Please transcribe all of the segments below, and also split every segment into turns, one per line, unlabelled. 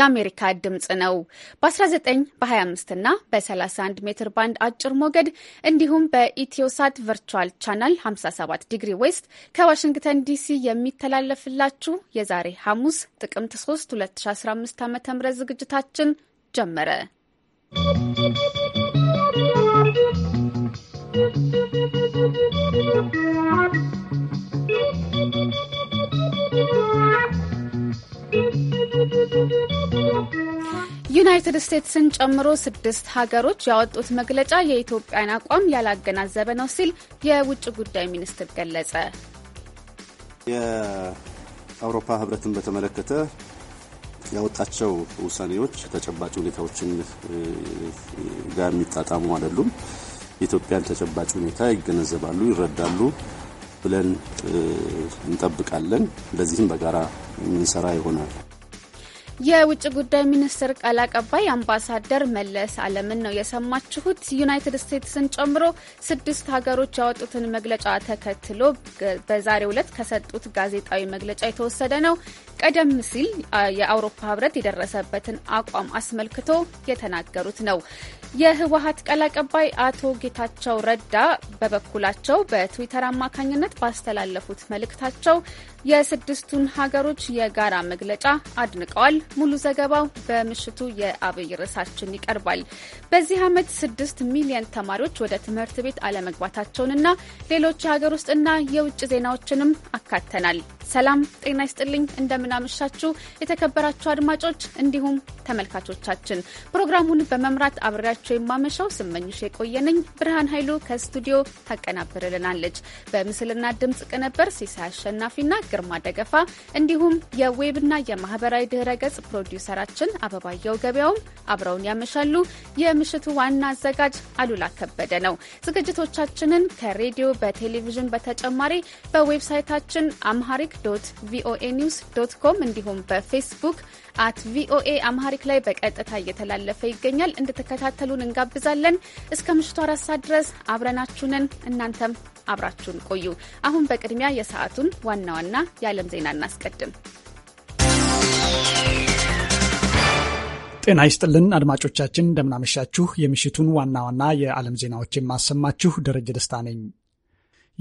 የአሜሪካ ድምፅ ነው። በ19 በ25 እና በ31 ሜትር ባንድ አጭር ሞገድ እንዲሁም በኢትዮሳት ቨርቹዋል ቻናል 57 ዲግሪ ዌስት ከዋሽንግተን ዲሲ የሚተላለፍላችሁ የዛሬ ሐሙስ ጥቅምት 3 2015 ዓ ም ዝግጅታችን ጀመረ። ¶¶ ዩናይትድ ስቴትስን ጨምሮ ስድስት ሀገሮች ያወጡት መግለጫ የኢትዮጵያን አቋም ያላገናዘበ ነው ሲል የውጭ ጉዳይ ሚኒስትር ገለጸ።
የአውሮፓ ህብረትን በተመለከተ ያወጣቸው ውሳኔዎች ተጨባጭ ሁኔታዎችን ጋር የሚጣጣሙ አይደሉም። የኢትዮጵያን ተጨባጭ ሁኔታ ይገነዘባሉ፣ ይረዳሉ ብለን እንጠብቃለን። ለዚህም በጋራ የምንሰራ ይሆናል።
የውጭ ጉዳይ ሚኒስትር ቃል አቀባይ አምባሳደር መለስ አለምን ነው የሰማችሁት። ዩናይትድ ስቴትስን ጨምሮ ስድስት ሀገሮች ያወጡትን መግለጫ ተከትሎ በዛሬው ዕለት ከሰጡት ጋዜጣዊ መግለጫ የተወሰደ ነው። ቀደም ሲል የአውሮፓ ህብረት የደረሰበትን አቋም አስመልክቶ የተናገሩት ነው። የህወሀት ቃል አቀባይ አቶ ጌታቸው ረዳ በበኩላቸው በትዊተር አማካኝነት ባስተላለፉት መልእክታቸው የስድስቱን ሀገሮች የጋራ መግለጫ አድንቀዋል። ሙሉ ዘገባው በምሽቱ የአብይ ርዕሳችን ይቀርባል። በዚህ ዓመት ስድስት ሚሊዮን ተማሪዎች ወደ ትምህርት ቤት አለመግባታቸውንና ሌሎች የሀገር ውስጥና የውጭ ዜናዎችንም አካተናል። ሰላም ጤና ይስጥልኝ። እንደምናመሻችሁ የተከበራችሁ አድማጮች እንዲሁም ተመልካቾቻችን ፕሮግራሙን በመምራት አብሬያቸው የማመሻው ስመኝሽ የቆየነኝ ብርሃን ኃይሉ ከስቱዲዮ ታቀናብርልናለች። በምስልና ድምፅ ቅንብር ሲሳይ አሸናፊና ግርማ ደገፋ እንዲሁም የዌብና የማህበራዊ ድህረ ገጽ ፕሮዲውሰራችን አበባየው ገበያውም አብረውን ያመሻሉ። የምሽቱ ዋና አዘጋጅ አሉላ ከበደ ነው። ዝግጅቶቻችንን ከሬዲዮ በቴሌቪዥን በተጨማሪ በዌብሳይታችን አምሃሪክ ዶት ቪኦኤ ኒውስ ዶት ኮም እንዲሁም በፌስቡክ አት ቪኦኤ አምሃሪክ ላይ በቀጥታ እየተላለፈ ይገኛል። እንድትከታተሉን እንጋብዛለን። እስከ ምሽቱ አራት ሰዓት ድረስ አብረናችሁንን እናንተም አብራችሁን ቆዩ። አሁን በቅድሚያ የሰዓቱን ዋና ዋና የዓለም ዜና እናስቀድም።
ጤና ይስጥልን አድማጮቻችን፣ እንደምናመሻችሁ። የምሽቱን ዋና ዋና የዓለም ዜናዎች የማሰማችሁ ደረጀ ደስታ ነኝ።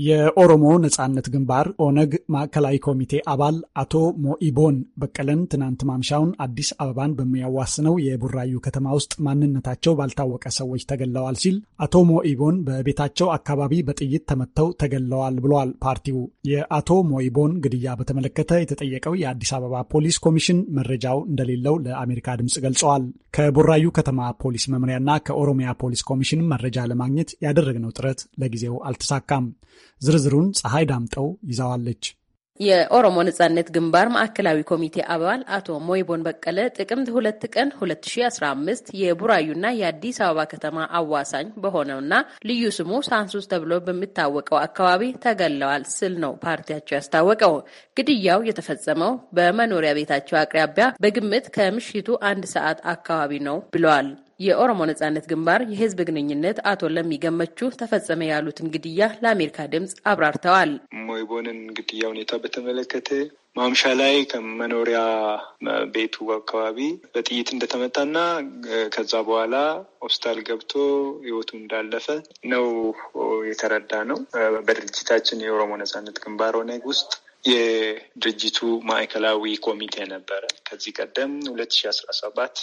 የኦሮሞ ነጻነት ግንባር ኦነግ ማዕከላዊ ኮሚቴ አባል አቶ ሞኢቦን በቀለን ትናንት ማምሻውን አዲስ አበባን በሚያዋስነው የቡራዩ ከተማ ውስጥ ማንነታቸው ባልታወቀ ሰዎች ተገለዋል ሲል አቶ ሞኢቦን በቤታቸው አካባቢ በጥይት ተመተው ተገለዋል ብለዋል። ፓርቲው የአቶ ሞኢቦን ግድያ በተመለከተ የተጠየቀው የአዲስ አበባ ፖሊስ ኮሚሽን መረጃው እንደሌለው ለአሜሪካ ድምፅ ገልጸዋል። ከቡራዩ ከተማ ፖሊስ መምሪያና ከኦሮሚያ ፖሊስ ኮሚሽን መረጃ ለማግኘት ያደረግነው ጥረት ለጊዜው አልተሳካም። ዝርዝሩን ፀሐይ ዳምጠው ይዛዋለች።
የኦሮሞ ነጻነት ግንባር ማዕከላዊ ኮሚቴ አባል አቶ ሞይቦን በቀለ ጥቅምት ሁለት ቀን 2015 የቡራዩና የአዲስ አበባ ከተማ አዋሳኝ በሆነውና ልዩ ስሙ ሳንሱስ ተብሎ በሚታወቀው አካባቢ ተገለዋል ስል ነው ፓርቲያቸው ያስታወቀው። ግድያው የተፈጸመው በመኖሪያ ቤታቸው አቅራቢያ በግምት ከምሽቱ አንድ ሰዓት አካባቢ ነው ብለዋል። የኦሮሞ ነጻነት ግንባር የህዝብ ግንኙነት አቶ ለሚገመቹ ተፈጸመ ያሉትን ግድያ ለአሜሪካ ድምፅ አብራርተዋል።
ሞይቦንን ግድያ ሁኔታ በተመለከተ ማምሻ ላይ ከመኖሪያ ቤቱ አካባቢ በጥይት እንደተመታና ከዛ በኋላ ሆስፒታል ገብቶ ህይወቱ እንዳለፈ ነው የተረዳ ነው። በድርጅታችን የኦሮሞ ነጻነት ግንባር ኦነግ ውስጥ የድርጅቱ ማዕከላዊ ኮሚቴ ነበረ። ከዚህ ቀደም ሁለት ሺ አስራ ሰባት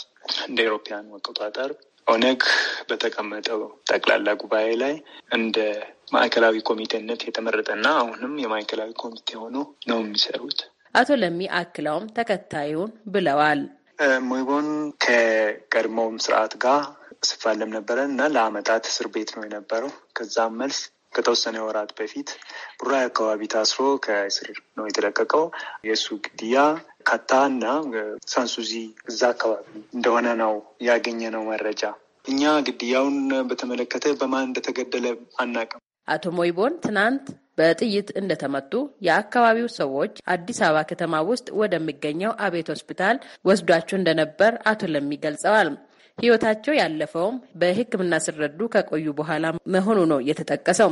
እንደ ኤሮፓያን መቆጣጠር ኦነግ በተቀመጠው ጠቅላላ ጉባኤ ላይ እንደ ማዕከላዊ ኮሚቴነት የተመረጠና አሁንም የማዕከላዊ ኮሚቴ ሆኖ ነው የሚሰሩት።
አቶ ለሚ አክለውም ተከታዩን ብለዋል።
ሙይቦን ከቀድሞውም ስርዓት ጋር ስፋለም ነበረ እና ለአመታት እስር ቤት ነው የነበረው። ከዛም መልስ ከተወሰነ ወራት በፊት ቡራ አካባቢ ታስሮ ከእስር ነው የተለቀቀው። የእሱ ግድያ ካታ እና ሳንሱዚ እዛ አካባቢ እንደሆነ ነው ነው መረጃ። እኛ ግድያውን በተመለከተ በማን እንደተገደለ አናቅም።
አቶ ሞይቦን ትናንት በጥይት እንደተመቱ የአካባቢው ሰዎች አዲስ አበባ ከተማ ውስጥ ወደሚገኘው አቤት ሆስፒታል ወስዷቸው እንደነበር አቶ ለሚ ገልጸዋል። ህይወታቸው ያለፈውም በህክምና ስረዱ ከቆዩ በኋላ መሆኑ ነው የተጠቀሰው።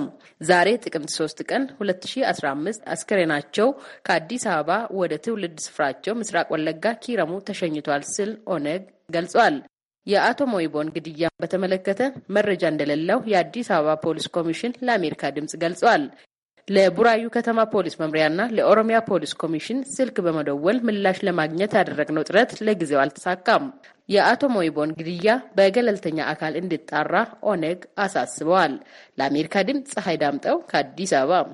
ዛሬ ጥቅምት 3 ቀን 2015 አስከሬናቸው ከአዲስ አበባ ወደ ትውልድ ስፍራቸው ምስራቅ ወለጋ ኪረሙ ተሸኝቷል ስል ኦነግ ገልጿል። የአቶ ሞይቦን ግድያ በተመለከተ መረጃ እንደሌለው የአዲስ አበባ ፖሊስ ኮሚሽን ለአሜሪካ ድምጽ ገልጿል። ለቡራዩ ከተማ ፖሊስ መምሪያና ለኦሮሚያ ፖሊስ ኮሚሽን ስልክ በመደወል ምላሽ ለማግኘት ያደረግነው ጥረት ለጊዜው አልተሳካም። የአቶ ሞይቦን ግድያ በገለልተኛ አካል እንዲጣራ ኦነግ አሳስበዋል። ለአሜሪካ ድምፅ ፀሐይ ዳምጠው ከአዲስ አበባ።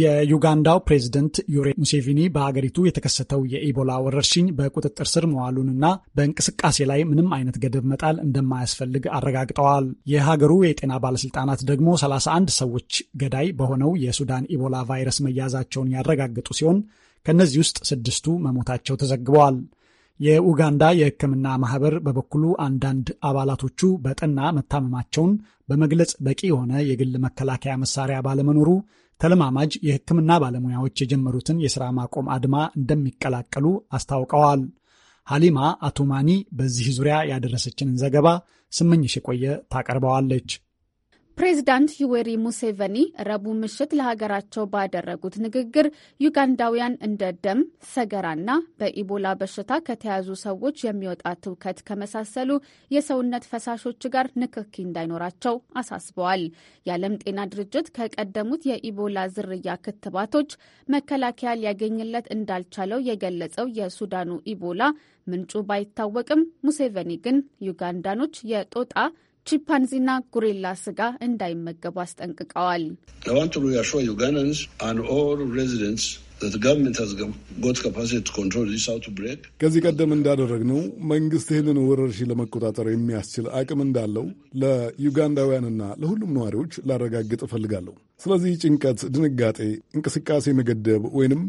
የዩጋንዳው ፕሬዝደንት ዩሪ ሙሴቪኒ በሀገሪቱ የተከሰተው የኢቦላ ወረርሽኝ በቁጥጥር ስር መዋሉንና በእንቅስቃሴ ላይ ምንም አይነት ገደብ መጣል እንደማያስፈልግ አረጋግጠዋል። የሀገሩ የጤና ባለስልጣናት ደግሞ 31 ሰዎች ገዳይ በሆነው የሱዳን ኢቦላ ቫይረስ መያዛቸውን ያረጋገጡ ሲሆን ከእነዚህ ውስጥ ስድስቱ መሞታቸው ተዘግበዋል። የኡጋንዳ የሕክምና ማህበር በበኩሉ አንዳንድ አባላቶቹ በጠና መታመማቸውን በመግለጽ በቂ የሆነ የግል መከላከያ መሳሪያ ባለመኖሩ ተለማማጅ የሕክምና ባለሙያዎች የጀመሩትን የሥራ ማቆም አድማ እንደሚቀላቀሉ አስታውቀዋል። ሃሊማ አቶማኒ በዚህ ዙሪያ ያደረሰችንን ዘገባ ስመኝሽ የቆየ ታቀርበዋለች።
ፕሬዚዳንት ዩዌሪ ሙሴቨኒ ረቡዕ ምሽት ለሀገራቸው ባደረጉት ንግግር ዩጋንዳውያን እንደ ደም ሰገራና በኢቦላ በሽታ ከተያዙ ሰዎች የሚወጣ ትውከት ከመሳሰሉ የሰውነት ፈሳሾች ጋር ንክኪ እንዳይኖራቸው አሳስበዋል። የዓለም ጤና ድርጅት ከቀደሙት የኢቦላ ዝርያ ክትባቶች መከላከያ ሊያገኝለት እንዳልቻለው የገለጸው የሱዳኑ ኢቦላ ምንጩ ባይታወቅም ሙሴቨኒ ግን ዩጋንዳኖች የጦጣ ቺምፓንዚና ጉሪላ ስጋ እንዳይመገቡ አስጠንቅቀዋል።
ከዚህ ቀደም እንዳደረግነው መንግስት ይህንን ወረርሽኝ ለመቆጣጠር የሚያስችል አቅም እንዳለው ለዩጋንዳውያንና ለሁሉም ነዋሪዎች ላረጋግጥ እፈልጋለሁ። ስለዚህ ጭንቀት፣ ድንጋጤ፣ እንቅስቃሴ መገደብ ወይንም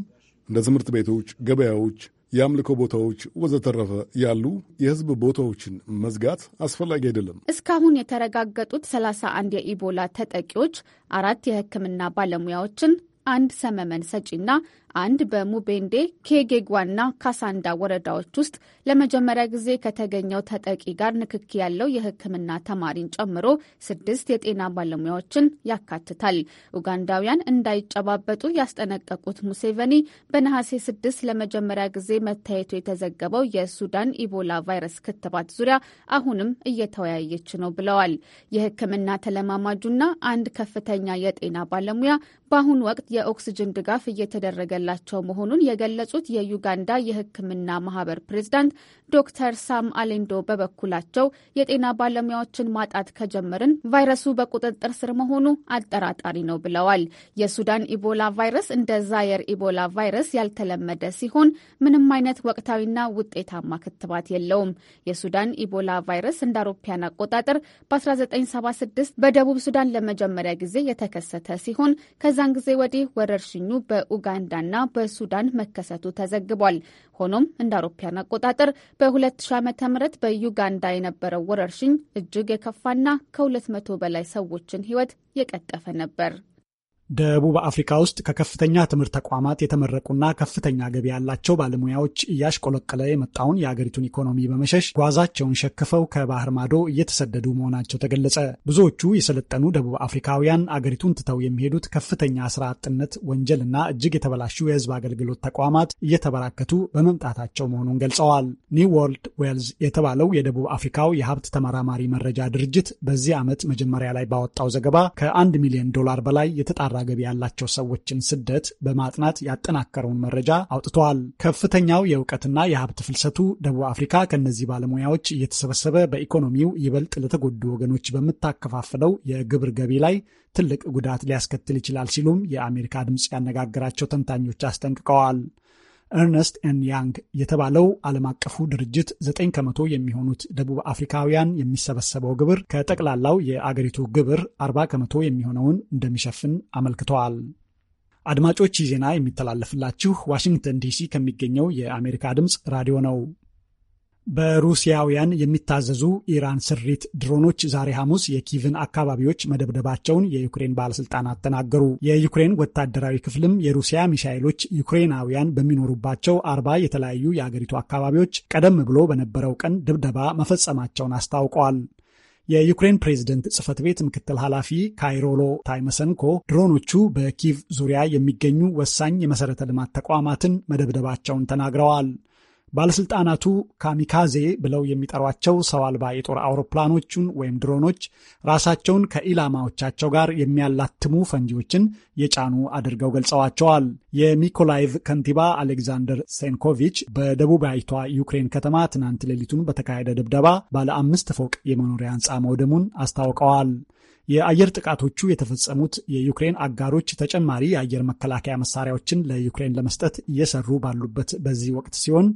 እንደ ትምህርት ቤቶች፣ ገበያዎች የአምልኮ ቦታዎች ወዘተረፈ ያሉ የህዝብ ቦታዎችን መዝጋት አስፈላጊ አይደለም።
እስካሁን የተረጋገጡት ሰላሳ አንድ የኢቦላ ተጠቂዎች፣ አራት የህክምና ባለሙያዎችን፣ አንድ ሰመመን ሰጪና አንድ በሙቤንዴ ኬጌጓና ካሳንዳ ወረዳዎች ውስጥ ለመጀመሪያ ጊዜ ከተገኘው ተጠቂ ጋር ንክኪ ያለው የሕክምና ተማሪን ጨምሮ ስድስት የጤና ባለሙያዎችን ያካትታል። ኡጋንዳውያን እንዳይጨባበጡ ያስጠነቀቁት ሙሴቨኒ በነሐሴ ስድስት ለመጀመሪያ ጊዜ መታየቱ የተዘገበው የሱዳን ኢቦላ ቫይረስ ክትባት ዙሪያ አሁንም እየተወያየች ነው ብለዋል። የሕክምና ተለማማጁና አንድ ከፍተኛ የጤና ባለሙያ በአሁኑ ወቅት የኦክስጅን ድጋፍ እየተደረገ ያላቸው መሆኑን የገለጹት የዩጋንዳ የሕክምና ማህበር ፕሬዝዳንት ዶክተር ሳም አሌንዶ በበኩላቸው የጤና ባለሙያዎችን ማጣት ከጀመርን ቫይረሱ በቁጥጥር ስር መሆኑ አጠራጣሪ ነው ብለዋል። የሱዳን ኢቦላ ቫይረስ እንደ ዛየር ኢቦላ ቫይረስ ያልተለመደ ሲሆን ምንም አይነት ወቅታዊና ውጤታማ ክትባት የለውም። የሱዳን ኢቦላ ቫይረስ እንደ አውሮፓያን አቆጣጠር በ1976 በደቡብ ሱዳን ለመጀመሪያ ጊዜ የተከሰተ ሲሆን ከዛን ጊዜ ወዲህ ወረርሽኙ በኡጋንዳና በየመንና በሱዳን መከሰቱ ተዘግቧል። ሆኖም እንደ አውሮፓያን አቆጣጠር በ2000 ዓ ም በዩጋንዳ የነበረው ወረርሽኝ እጅግ የከፋና ከ200 በላይ ሰዎችን ሕይወት የቀጠፈ ነበር።
ደቡብ አፍሪካ ውስጥ ከከፍተኛ ትምህርት ተቋማት የተመረቁና ከፍተኛ ገቢ ያላቸው ባለሙያዎች እያሽቆለቀለ የመጣውን የአገሪቱን ኢኮኖሚ በመሸሽ ጓዛቸውን ሸክፈው ከባህር ማዶ እየተሰደዱ መሆናቸው ተገለጸ። ብዙዎቹ የሰለጠኑ ደቡብ አፍሪካውያን አገሪቱን ትተው የሚሄዱት ከፍተኛ ስራ አጥነት፣ ወንጀልና እጅግ የተበላሹ የህዝብ አገልግሎት ተቋማት እየተበራከቱ በመምጣታቸው መሆኑን ገልጸዋል። ኒው ወርልድ ዌልዝ የተባለው የደቡብ አፍሪካው የሀብት ተመራማሪ መረጃ ድርጅት በዚህ ዓመት መጀመሪያ ላይ ባወጣው ዘገባ ከአንድ ሚሊዮን ዶላር በላይ የተጣራ ጠንካራ ገቢ ያላቸው ሰዎችን ስደት በማጥናት ያጠናከረውን መረጃ አውጥተዋል። ከፍተኛው የእውቀትና የሀብት ፍልሰቱ ደቡብ አፍሪካ ከእነዚህ ባለሙያዎች እየተሰበሰበ በኢኮኖሚው ይበልጥ ለተጎዱ ወገኖች በምታከፋፍለው የግብር ገቢ ላይ ትልቅ ጉዳት ሊያስከትል ይችላል ሲሉም የአሜሪካ ድምፅ ያነጋገራቸው ተንታኞች አስጠንቅቀዋል። ኤርነስት ኤን ያንግ የተባለው ዓለም አቀፉ ድርጅት ዘጠኝ ከመቶ የሚሆኑት ደቡብ አፍሪካውያን የሚሰበሰበው ግብር ከጠቅላላው የአገሪቱ ግብር አርባ ከመቶ የሚሆነውን እንደሚሸፍን አመልክተዋል። አድማጮች ዜና የሚተላለፍላችሁ ዋሽንግተን ዲሲ ከሚገኘው የአሜሪካ ድምፅ ራዲዮ ነው። በሩሲያውያን የሚታዘዙ ኢራን ስሪት ድሮኖች ዛሬ ሐሙስ የኪቭን አካባቢዎች መደብደባቸውን የዩክሬን ባለስልጣናት ተናገሩ። የዩክሬን ወታደራዊ ክፍልም የሩሲያ ሚሳይሎች ዩክሬናውያን በሚኖሩባቸው አርባ የተለያዩ የአገሪቱ አካባቢዎች ቀደም ብሎ በነበረው ቀን ድብደባ መፈጸማቸውን አስታውቀዋል። የዩክሬን ፕሬዝደንት ጽህፈት ቤት ምክትል ኃላፊ ካይሮሎ ታይመሰንኮ ድሮኖቹ በኪቭ ዙሪያ የሚገኙ ወሳኝ የመሠረተ ልማት ተቋማትን መደብደባቸውን ተናግረዋል። ባለሥልጣናቱ ካሚካዜ ብለው የሚጠሯቸው ሰው አልባ የጦር አውሮፕላኖቹን ወይም ድሮኖች ራሳቸውን ከኢላማዎቻቸው ጋር የሚያላትሙ ፈንጂዎችን የጫኑ አድርገው ገልጸዋቸዋል። የሚኮላይቭ ከንቲባ አሌግዛንደር ሴንኮቪች በደቡባዊቷ ዩክሬን ከተማ ትናንት ሌሊቱን በተካሄደ ድብደባ ባለ አምስት ፎቅ የመኖሪያ ሕንፃ መውደሙን አስታውቀዋል። የአየር ጥቃቶቹ የተፈጸሙት የዩክሬን አጋሮች ተጨማሪ የአየር መከላከያ መሳሪያዎችን ለዩክሬን ለመስጠት እየሰሩ ባሉበት በዚህ ወቅት ሲሆን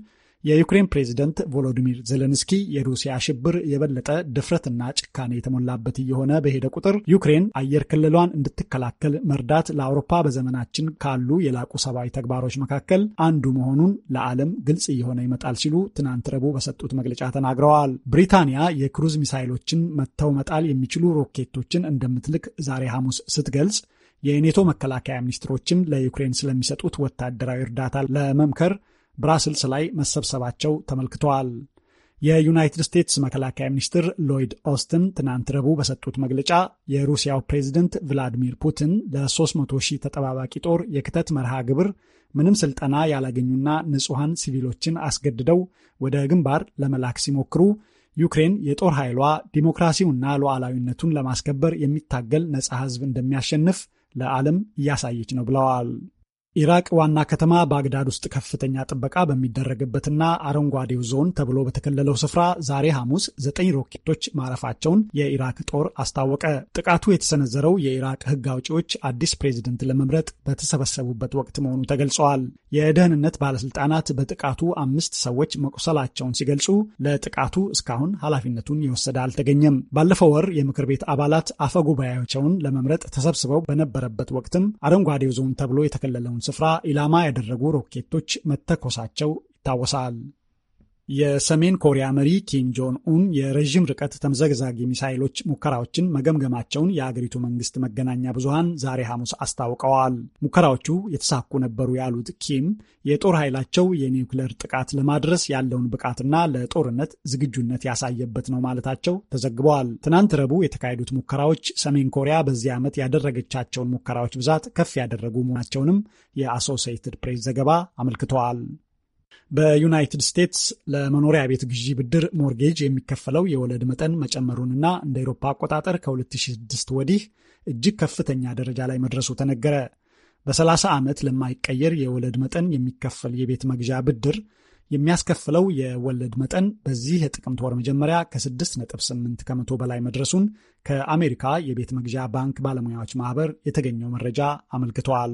የዩክሬን ፕሬዚደንት ቮሎዲሚር ዜሌንስኪ የሩሲያ ሽብር የበለጠ ድፍረትና ጭካኔ የተሞላበት እየሆነ በሄደ ቁጥር ዩክሬን አየር ክልሏን እንድትከላከል መርዳት ለአውሮፓ በዘመናችን ካሉ የላቁ ሰብአዊ ተግባሮች መካከል አንዱ መሆኑን ለዓለም ግልጽ እየሆነ ይመጣል ሲሉ ትናንት ረቡዕ በሰጡት መግለጫ ተናግረዋል። ብሪታንያ የክሩዝ ሚሳይሎችን መጥተው መጣል የሚችሉ ሮኬቶችን እንደምትልክ ዛሬ ሐሙስ ስትገልጽ የኔቶ መከላከያ ሚኒስትሮችም ለዩክሬን ስለሚሰጡት ወታደራዊ እርዳታ ለመምከር ብራስልስ ላይ መሰብሰባቸው ተመልክተዋል። የዩናይትድ ስቴትስ መከላከያ ሚኒስትር ሎይድ ኦስትን ትናንት ረቡዕ በሰጡት መግለጫ የሩሲያው ፕሬዝደንት ቭላዲሚር ፑቲን ለ300 ሺህ ተጠባባቂ ጦር የክተት መርሃ ግብር ምንም ስልጠና ያላገኙና ንጹሐን ሲቪሎችን አስገድደው ወደ ግንባር ለመላክ ሲሞክሩ ዩክሬን የጦር ኃይሏ ዲሞክራሲውና ሉዓላዊነቱን ለማስከበር የሚታገል ነፃ ሕዝብ እንደሚያሸንፍ ለዓለም እያሳየች ነው ብለዋል። ኢራቅ ዋና ከተማ ባግዳድ ውስጥ ከፍተኛ ጥበቃ በሚደረግበትና አረንጓዴው ዞን ተብሎ በተከለለው ስፍራ ዛሬ ሐሙስ ዘጠኝ ሮኬቶች ማረፋቸውን የኢራቅ ጦር አስታወቀ። ጥቃቱ የተሰነዘረው የኢራቅ ሕግ አውጪዎች አዲስ ፕሬዚደንት ለመምረጥ በተሰበሰቡበት ወቅት መሆኑ ተገልጸዋል። የደህንነት ባለስልጣናት በጥቃቱ አምስት ሰዎች መቁሰላቸውን ሲገልጹ ለጥቃቱ እስካሁን ኃላፊነቱን የወሰደ አልተገኘም። ባለፈው ወር የምክር ቤት አባላት አፈጉባኤያቸውን ለመምረጥ ተሰብስበው በነበረበት ወቅትም አረንጓዴው ዞን ተብሎ የተከለለውን ስፍራ ኢላማ ያደረጉ ሮኬቶች መተኮሳቸው ይታወሳል። የሰሜን ኮሪያ መሪ ኪም ጆን ኡን የረዥም ርቀት ተምዘግዛጊ ሚሳይሎች ሙከራዎችን መገምገማቸውን የአገሪቱ መንግስት መገናኛ ብዙሃን ዛሬ ሐሙስ አስታውቀዋል። ሙከራዎቹ የተሳኩ ነበሩ ያሉት ኪም የጦር ኃይላቸው የኒውክሌር ጥቃት ለማድረስ ያለውን ብቃትና ለጦርነት ዝግጁነት ያሳየበት ነው ማለታቸው ተዘግበዋል። ትናንት ረቡዕ የተካሄዱት ሙከራዎች ሰሜን ኮሪያ በዚህ ዓመት ያደረገቻቸውን ሙከራዎች ብዛት ከፍ ያደረጉ መሆናቸውንም የአሶሴይትድ ፕሬስ ዘገባ አመልክተዋል። በዩናይትድ ስቴትስ ለመኖሪያ ቤት ግዢ ብድር ሞርጌጅ የሚከፈለው የወለድ መጠን መጨመሩንና እንደ ኤሮፓ አቆጣጠር ከ2006 ወዲህ እጅግ ከፍተኛ ደረጃ ላይ መድረሱ ተነገረ። በ30 ዓመት ለማይቀየር የወለድ መጠን የሚከፈል የቤት መግዣ ብድር የሚያስከፍለው የወለድ መጠን በዚህ የጥቅምት ወር መጀመሪያ ከ6.8 ከመቶ በላይ መድረሱን ከአሜሪካ የቤት መግዣ ባንክ ባለሙያዎች ማህበር የተገኘው መረጃ አመልክተዋል።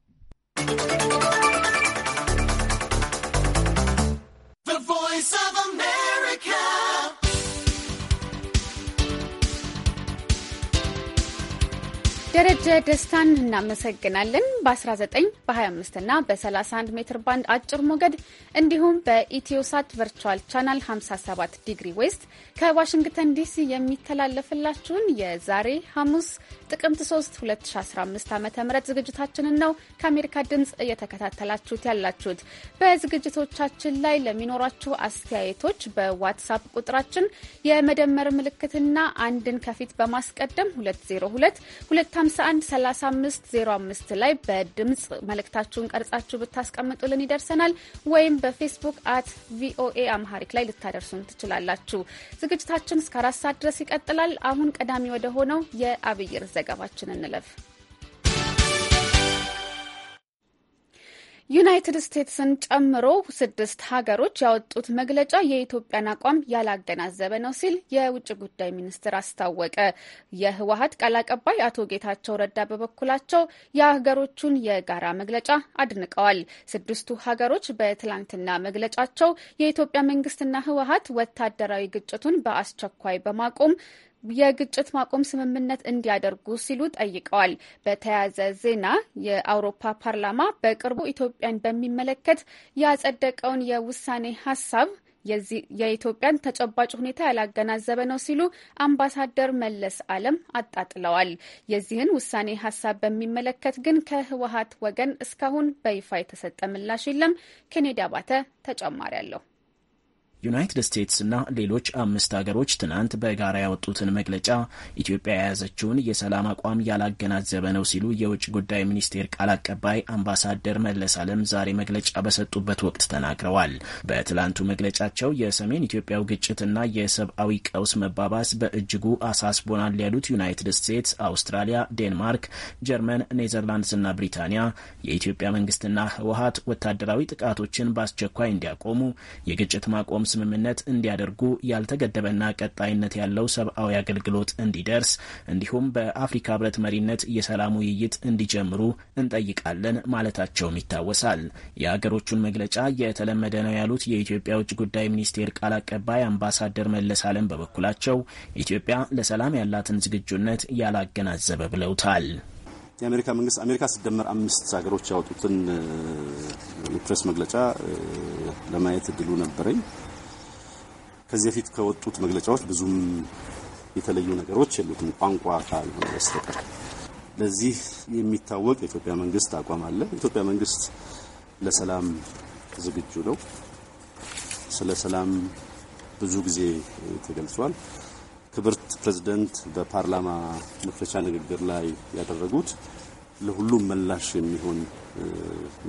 ደረጀ ደስታን እናመሰግናለን። በ19 በ25 እና በ31 ሜትር ባንድ አጭር ሞገድ እንዲሁም በኢትዮሳት ቨርቹዋል ቻናል 57 ዲግሪ ዌስት ከዋሽንግተን ዲሲ የሚተላለፍላችሁን የዛሬ ሐሙስ ጥቅምት 3 2015 ዓ ም ዝግጅታችንን ነው ከአሜሪካ ድምፅ እየተከታተላችሁት ያላችሁት። በዝግጅቶቻችን ላይ ለሚኖሯችሁ አስተያየቶች በዋትሳፕ ቁጥራችን የመደመር ምልክትና አንድን ከፊት በማስቀደም 2022513505 ላይ በድምፅ መልእክታችሁን ቀርጻችሁ ብታስቀምጡልን ይደርሰናል። ወይም በፌስቡክ አት ቪኦኤ አምሃሪክ ላይ ልታደርሱን ትችላላችሁ። ዝግጅታችን እስከ አራት ሰዓት ድረስ ይቀጥላል። አሁን ቀዳሚ ወደ ሆነው የአብይር ዘ ዘገባችን እንለፍ። ዩናይትድ ስቴትስን ጨምሮ ስድስት ሀገሮች ያወጡት መግለጫ የኢትዮጵያን አቋም ያላገናዘበ ነው ሲል የውጭ ጉዳይ ሚኒስትር አስታወቀ። የህወሀት ቃል አቀባይ አቶ ጌታቸው ረዳ በበኩላቸው የሀገሮቹን የጋራ መግለጫ አድንቀዋል። ስድስቱ ሀገሮች በትላንትና መግለጫቸው የኢትዮጵያ መንግስትና ህወሀት ወታደራዊ ግጭቱን በአስቸኳይ በማቆም የግጭት ማቆም ስምምነት እንዲያደርጉ ሲሉ ጠይቀዋል። በተያያዘ ዜና የአውሮፓ ፓርላማ በቅርቡ ኢትዮጵያን በሚመለከት ያጸደቀውን የውሳኔ ሀሳብ የኢትዮጵያን ተጨባጭ ሁኔታ ያላገናዘበ ነው ሲሉ አምባሳደር መለስ አለም አጣጥለዋል። የዚህን ውሳኔ ሀሳብ በሚመለከት ግን ከህወሀት ወገን እስካሁን በይፋ የተሰጠ ምላሽ የለም። ኬኔዲ አባተ ተጨማሪ አለሁ
ዩናይትድ ስቴትስና ሌሎች አምስት ሀገሮች ትናንት በጋራ ያወጡትን መግለጫ ኢትዮጵያ የያዘችውን የሰላም አቋም ያላገናዘበ ነው ሲሉ የውጭ ጉዳይ ሚኒስቴር ቃል አቀባይ አምባሳደር መለስ አለም ዛሬ መግለጫ በሰጡበት ወቅት ተናግረዋል። በትላንቱ መግለጫቸው የሰሜን ኢትዮጵያው ግጭትና የሰብአዊ ቀውስ መባባስ በእጅጉ አሳስቦናል ያሉት ዩናይትድ ስቴትስ፣ አውስትራሊያ፣ ዴንማርክ፣ ጀርመን፣ እና ብሪታንያ የኢትዮጵያ መንግስትና ህወሀት ወታደራዊ ጥቃቶችን በአስቸኳይ እንዲያቆሙ የግጭት ማቆም ስምምነት እንዲያደርጉ ያልተገደበና ቀጣይነት ያለው ሰብአዊ አገልግሎት እንዲደርስ እንዲሁም በአፍሪካ ህብረት መሪነት የሰላም ውይይት እንዲጀምሩ እንጠይቃለን ማለታቸውም ይታወሳል። የአገሮቹን መግለጫ የተለመደ ነው ያሉት የኢትዮጵያ ውጭ ጉዳይ ሚኒስቴር ቃል አቀባይ አምባሳደር መለስ አለም በበኩላቸው ኢትዮጵያ ለሰላም ያላትን ዝግጁነት ያላገናዘበ ብለውታል።
የአሜሪካ መንግስት አሜሪካ ስደመር አምስት ሀገሮች ያወጡትን የፕሬስ መግለጫ ለማየት እድሉ ነበረኝ። ከዚህ በፊት ከወጡት መግለጫዎች ብዙም የተለዩ ነገሮች የሉትም ቋንቋ ካልሆነ በስተቀር። ለዚህ የሚታወቅ የኢትዮጵያ መንግስት አቋም አለ። የኢትዮጵያ መንግስት ለሰላም ዝግጁ ነው። ስለ ሰላም ብዙ ጊዜ ተገልጿል። ክብርት ፕሬዝደንት በፓርላማ መክፈቻ ንግግር ላይ ያደረጉት ለሁሉም ምላሽ የሚሆን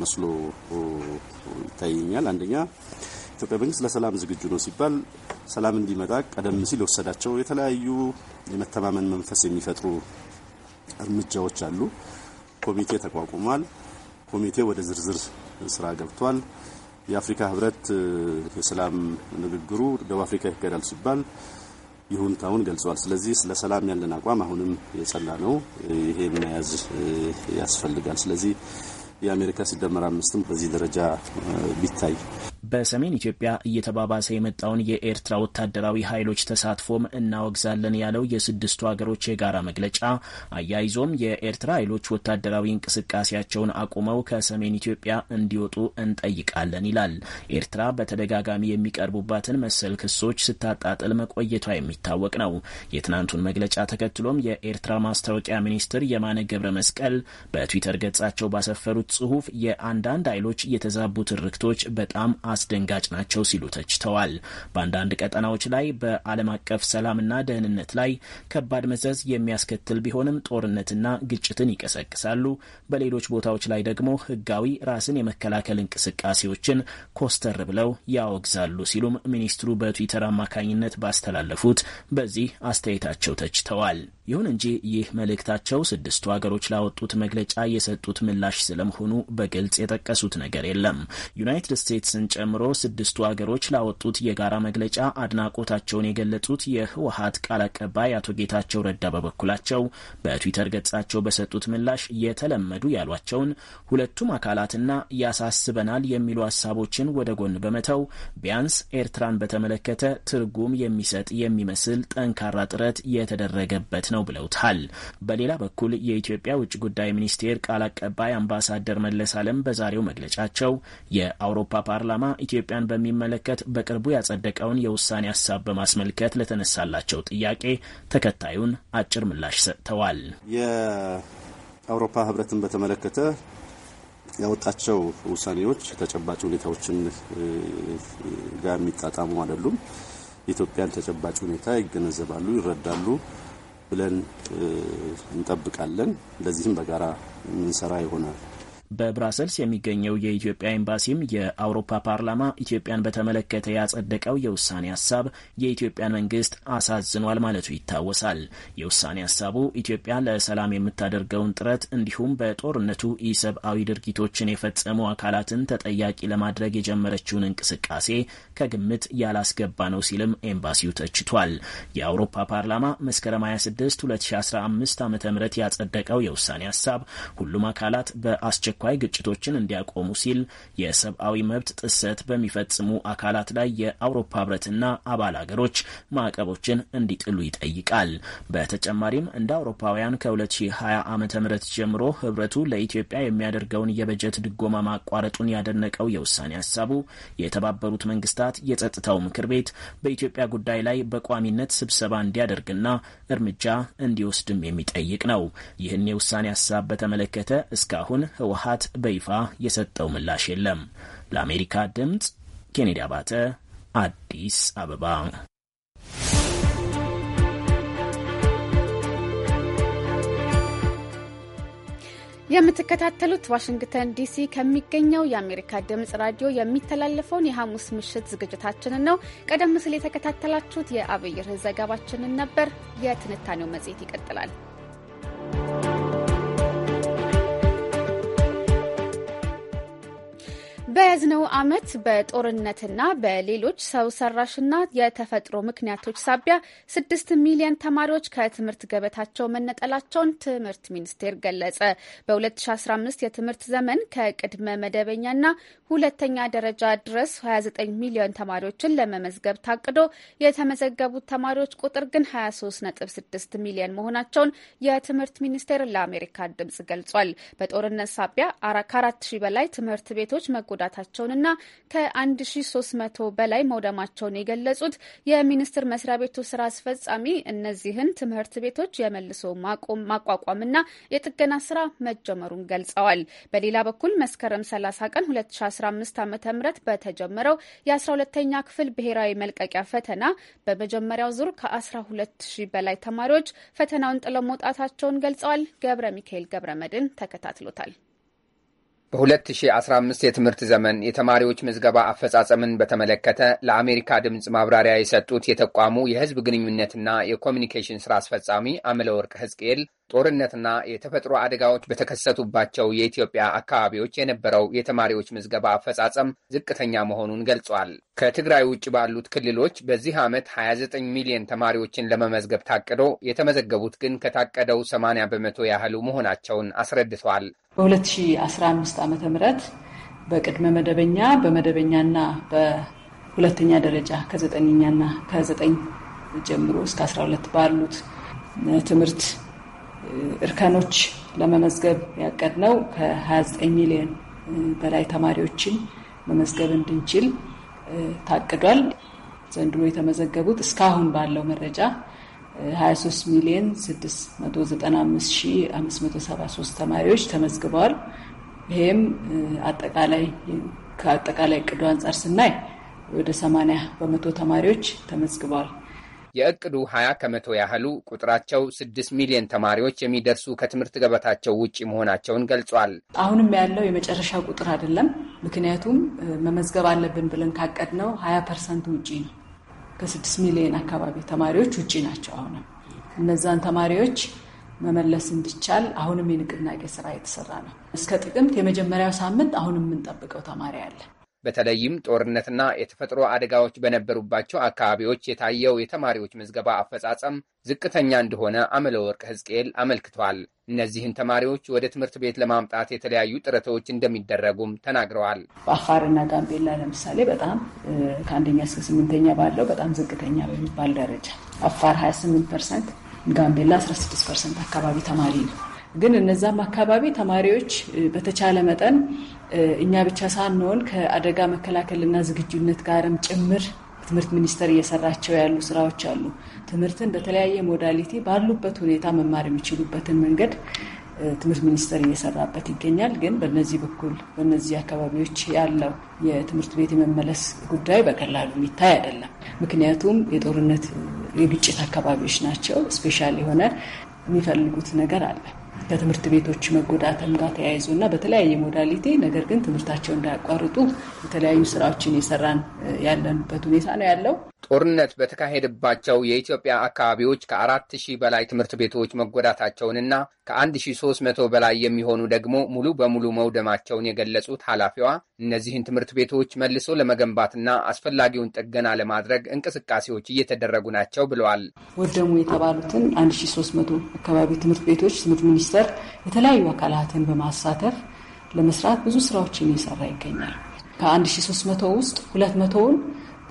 መስሎ ይታየኛል። አንደኛ የኢትዮጵያ መንግስት ለሰላም ዝግጁ ነው ሲባል ሰላም እንዲመጣ ቀደም ሲል የወሰዳቸው የተለያዩ የመተማመን መንፈስ የሚፈጥሩ እርምጃዎች አሉ። ኮሚቴ ተቋቁሟል። ኮሚቴ ወደ ዝርዝር ስራ ገብቷል። የአፍሪካ ህብረት የሰላም ንግግሩ ደቡብ አፍሪካ ይካሄዳል ሲባል ይሁንታውን ገልጿል። ስለዚህ ስለ ሰላም ያለን አቋም አሁንም የጸላ ነው። ይሄ መያዝ ያስፈልጋል። ስለዚህ የአሜሪካ ሲደመር አምስትም በዚህ ደረጃ ቢታይ
በሰሜን ኢትዮጵያ እየተባባሰ የመጣውን የኤርትራ ወታደራዊ ኃይሎች ተሳትፎም እናወግዛለን ያለው የስድስቱ ሀገሮች የጋራ መግለጫ አያይዞም የኤርትራ ኃይሎች ወታደራዊ እንቅስቃሴያቸውን አቁመው ከሰሜን ኢትዮጵያ እንዲወጡ እንጠይቃለን ይላል። ኤርትራ በተደጋጋሚ የሚቀርቡባትን መሰል ክሶች ስታጣጥል መቆየቷ የሚታወቅ ነው። የትናንቱን መግለጫ ተከትሎም የኤርትራ ማስታወቂያ ሚኒስትር የማነ ገብረ መስቀል በትዊተር ገጻቸው ባሰፈሩት ጽሁፍ የአንዳንድ ኃይሎች የተዛቡ ትርክቶች በጣም አስደንጋጭ ናቸው ሲሉ ተችተዋል። በአንዳንድ ቀጠናዎች ላይ በዓለም አቀፍ ሰላምና ደህንነት ላይ ከባድ መዘዝ የሚያስከትል ቢሆንም ጦርነትና ግጭትን ይቀሰቅሳሉ። በሌሎች ቦታዎች ላይ ደግሞ ህጋዊ ራስን የመከላከል እንቅስቃሴዎችን ኮስተር ብለው ያወግዛሉ ሲሉም ሚኒስትሩ በትዊተር አማካኝነት ባስተላለፉት በዚህ አስተያየታቸው ተችተዋል። ይሁን እንጂ ይህ መልእክታቸው ስድስቱ ሀገሮች ላወጡት መግለጫ የሰጡት ምላሽ ስለመሆኑ በግልጽ የጠቀሱት ነገር የለም። ዩናይትድ ስቴትስን ጨምሮ ስድስቱ ሀገሮች ላወጡት የጋራ መግለጫ አድናቆታቸውን የገለጹት የህወሀት ቃል አቀባይ አቶ ጌታቸው ረዳ በበኩላቸው በትዊተር ገጻቸው በሰጡት ምላሽ የተለመዱ ያሏቸውን ሁለቱም አካላትና ያሳስበናል የሚሉ ሀሳቦችን ወደ ጎን በመተው ቢያንስ ኤርትራን በተመለከተ ትርጉም የሚሰጥ የሚመስል ጠንካራ ጥረት የተደረገበት ነው ብለውታል። በሌላ በኩል የኢትዮጵያ ውጭ ጉዳይ ሚኒስቴር ቃል አቀባይ አምባሳደር መለስ አለም በዛሬው መግለጫቸው የአውሮፓ ፓርላማ ኢትዮጵያን በሚመለከት በቅርቡ ያጸደቀውን የውሳኔ ሀሳብ በማስመልከት ለተነሳላቸው ጥያቄ ተከታዩን አጭር ምላሽ ሰጥተዋል።
የአውሮፓ ህብረትን በተመለከተ ያወጣቸው ውሳኔዎች ተጨባጭ ሁኔታዎችን ጋር የሚጣጣሙ አይደሉም። የኢትዮጵያን ተጨባጭ ሁኔታ ይገነዘባሉ፣ ይረዳሉ ብለን እንጠብቃለን። ለዚህም በጋራ የምንሰራ ይሆናል።
በብራሰልስ የሚገኘው የኢትዮጵያ ኤምባሲም የአውሮፓ ፓርላማ ኢትዮጵያን በተመለከተ ያጸደቀው የውሳኔ ሀሳብ የኢትዮጵያን መንግስት አሳዝኗል ማለቱ ይታወሳል። የውሳኔ ሀሳቡ ኢትዮጵያ ለሰላም የምታደርገውን ጥረት እንዲሁም በጦርነቱ ኢሰብአዊ ድርጊቶችን የፈጸሙ አካላትን ተጠያቂ ለማድረግ የጀመረችውን እንቅስቃሴ ከግምት ያላስገባ ነው ሲልም ኤምባሲው ተችቷል። የአውሮፓ ፓርላማ መስከረም 26 2015 ዓ ም ያጸደቀው የውሳኔ ሀሳብ ሁሉም አካላት በአስቸኳ በአስቸኳይ ግጭቶችን እንዲያቆሙ ሲል የሰብአዊ መብት ጥሰት በሚፈጽሙ አካላት ላይ የአውሮፓ ህብረትና አባል አገሮች ማዕቀቦችን እንዲጥሉ ይጠይቃል። በተጨማሪም እንደ አውሮፓውያን ከ2020 ዓ ም ጀምሮ ህብረቱ ለኢትዮጵያ የሚያደርገውን የበጀት ድጎማ ማቋረጡን ያደነቀው የውሳኔ ሀሳቡ የተባበሩት መንግስታት የጸጥታው ምክር ቤት በኢትዮጵያ ጉዳይ ላይ በቋሚነት ስብሰባ እንዲያደርግና እርምጃ እንዲወስድም የሚጠይቅ ነው። ይህን የውሳኔ ሀሳብ በተመለከተ እስካሁን ህወሀት ጥቃት በይፋ የሰጠው ምላሽ የለም። ለአሜሪካ ድምፅ ኬኔዲ አባተ አዲስ አበባ።
የምትከታተሉት ዋሽንግተን ዲሲ ከሚገኘው የአሜሪካ ድምጽ ራዲዮ የሚተላለፈውን የሐሙስ ምሽት ዝግጅታችንን ነው። ቀደም ሲል የተከታተላችሁት የአብይር ዘገባችንን ነበር። የትንታኔው መጽሔት ይቀጥላል። በያዝነው ዓመት በጦርነትና በሌሎች ሰው ሰራሽና የተፈጥሮ ምክንያቶች ሳቢያ ስድስት ሚሊዮን ተማሪዎች ከትምህርት ገበታቸው መነጠላቸውን ትምህርት ሚኒስቴር ገለጸ። በ2015 የትምህርት ዘመን ከቅድመ መደበኛና ሁለተኛ ደረጃ ድረስ 29 ሚሊዮን ተማሪዎችን ለመመዝገብ ታቅዶ የተመዘገቡት ተማሪዎች ቁጥር ግን 23.6 ሚሊዮን መሆናቸውን የትምህርት ሚኒስቴር ለአሜሪካ ድምጽ ገልጿል። በጦርነት ሳቢያ ከአራት ሺ በላይ ትምህርት ቤቶች መጎዳታቸውንና ከ1300 በላይ መውደማቸውን የገለጹት የሚኒስቴር መስሪያ ቤቱ ስራ አስፈጻሚ እነዚህን ትምህርት ቤቶች የመልሶ ማቋቋምና የጥገና ስራ መጀመሩን ገልጸዋል። በሌላ በኩል መስከረም 30 ቀን 2015 2015 ዓ ም በተጀመረው የ12ተኛ ክፍል ብሔራዊ መልቀቂያ ፈተና በመጀመሪያው ዙር ከ12000 በላይ ተማሪዎች ፈተናውን ጥለው መውጣታቸውን ገልጸዋል። ገብረ ሚካኤል ገብረ መድን ተከታትሎታል።
በ2015 የትምህርት ዘመን የተማሪዎች ምዝገባ አፈጻጸምን በተመለከተ ለአሜሪካ ድምፅ ማብራሪያ የሰጡት የተቋሙ የሕዝብ ግንኙነትና የኮሚኒኬሽን ስራ አስፈጻሚ አምለወርቅ ሕዝቅኤል ጦርነትና የተፈጥሮ አደጋዎች በተከሰቱባቸው የኢትዮጵያ አካባቢዎች የነበረው የተማሪዎች ምዝገባ አፈጻጸም ዝቅተኛ መሆኑን ገልጿል። ከትግራይ ውጭ ባሉት ክልሎች በዚህ ዓመት 29 ሚሊዮን ተማሪዎችን ለመመዝገብ ታቅዶ የተመዘገቡት ግን ከታቀደው 80 በመቶ ያህሉ መሆናቸውን አስረድቷል
በ በ2015 ዓ ም በቅድመ መደበኛ በመደበኛና በሁለተኛ ደረጃ ከዘጠኝኛና ከዘጠኝ ጀምሮ እስከ 12 ባሉት ትምህርት እርከኖች ለመመዝገብ ያቀድነው ከ29 ሚሊዮን በላይ ተማሪዎችን መመዝገብ እንድንችል ታቅዷል። ዘንድሮ የተመዘገቡት እስካሁን ባለው መረጃ 23 ሚሊዮን 695573 ተማሪዎች ተመዝግበዋል። ይህም አጠቃላይ ከአጠቃላይ እቅዱ አንጻር ስናይ ወደ 80 በመቶ ተማሪዎች ተመዝግበዋል።
የእቅዱ 20 ከመቶ ያህሉ ቁጥራቸው 6 ሚሊዮን ተማሪዎች የሚደርሱ ከትምህርት ገበታቸው ውጭ መሆናቸውን ገልጿል።
አሁንም ያለው የመጨረሻ ቁጥር አይደለም። ምክንያቱም መመዝገብ አለብን ብለን ካቀድነው 20 ፐርሰንት ውጪ ነው። ከ6 ሚሊዮን አካባቢ ተማሪዎች ውጪ ናቸው። አሁንም እነዛን ተማሪዎች መመለስ እንዲቻል አሁንም የንቅናቄ ስራ የተሰራ ነው። እስከ ጥቅምት የመጀመሪያው ሳምንት አሁንም የምንጠብቀው ተማሪ አለ።
በተለይም ጦርነትና የተፈጥሮ አደጋዎች በነበሩባቸው አካባቢዎች የታየው የተማሪዎች ምዝገባ አፈጻጸም ዝቅተኛ እንደሆነ አመለወርቅ ህዝቅኤል አመልክቷል። እነዚህን ተማሪዎች ወደ ትምህርት ቤት ለማምጣት የተለያዩ ጥረቶች እንደሚደረጉም ተናግረዋል።
በአፋርና ጋምቤላ ለምሳሌ በጣም ከአንደኛ እስከ ስምንተኛ ባለው በጣም ዝቅተኛ በሚባል ደረጃ አፋር 28 ፐርሰንት፣ ጋምቤላ 16 ፐርሰንት አካባቢ ተማሪ ነው ግን እነዛም አካባቢ ተማሪዎች በተቻለ መጠን እኛ ብቻ ሳንሆን ከአደጋ መከላከልና ዝግጁነት ጋርም ጭምር ትምህርት ሚኒስቴር እየሰራቸው ያሉ ስራዎች አሉ። ትምህርትን በተለያየ ሞዳሊቲ ባሉበት ሁኔታ መማር የሚችሉበትን መንገድ ትምህርት ሚኒስቴር እየሰራበት ይገኛል። ግን በነዚህ በኩል በነዚህ አካባቢዎች ያለው የትምህርት ቤት የመመለስ ጉዳይ በቀላሉ የሚታይ አይደለም። ምክንያቱም የጦርነት የግጭት አካባቢዎች ናቸው። ስፔሻል የሆነ የሚፈልጉት ነገር አለ። ከትምህርት ቤቶች መጎዳትም ጋር ተያይዞ እና በተለያየ ሞዳሊቲ ነገር ግን ትምህርታቸው እንዳያቋርጡ የተለያዩ ስራዎችን የሰራን ያለንበት ሁኔታ ነው ያለው።
ጦርነት በተካሄደባቸው የኢትዮጵያ አካባቢዎች ከአራት 4000 በላይ ትምህርት ቤቶች መጎዳታቸውንና ከ1300 በላይ የሚሆኑ ደግሞ ሙሉ በሙሉ መውደማቸውን የገለጹት ኃላፊዋ እነዚህን ትምህርት ቤቶች መልሶ ለመገንባትና አስፈላጊውን ጥገና ለማድረግ እንቅስቃሴዎች እየተደረጉ ናቸው ብለዋል።
ወደሙ የተባሉትን 1300 አካባቢ ትምህርት ቤቶች ትምህርት ሚኒስቴር የተለያዩ አካላትን በማሳተፍ ለመስራት ብዙ ስራዎችን እየሰራ ይገኛል። ከ ከ1300 ውስጥ ሁለት መቶውን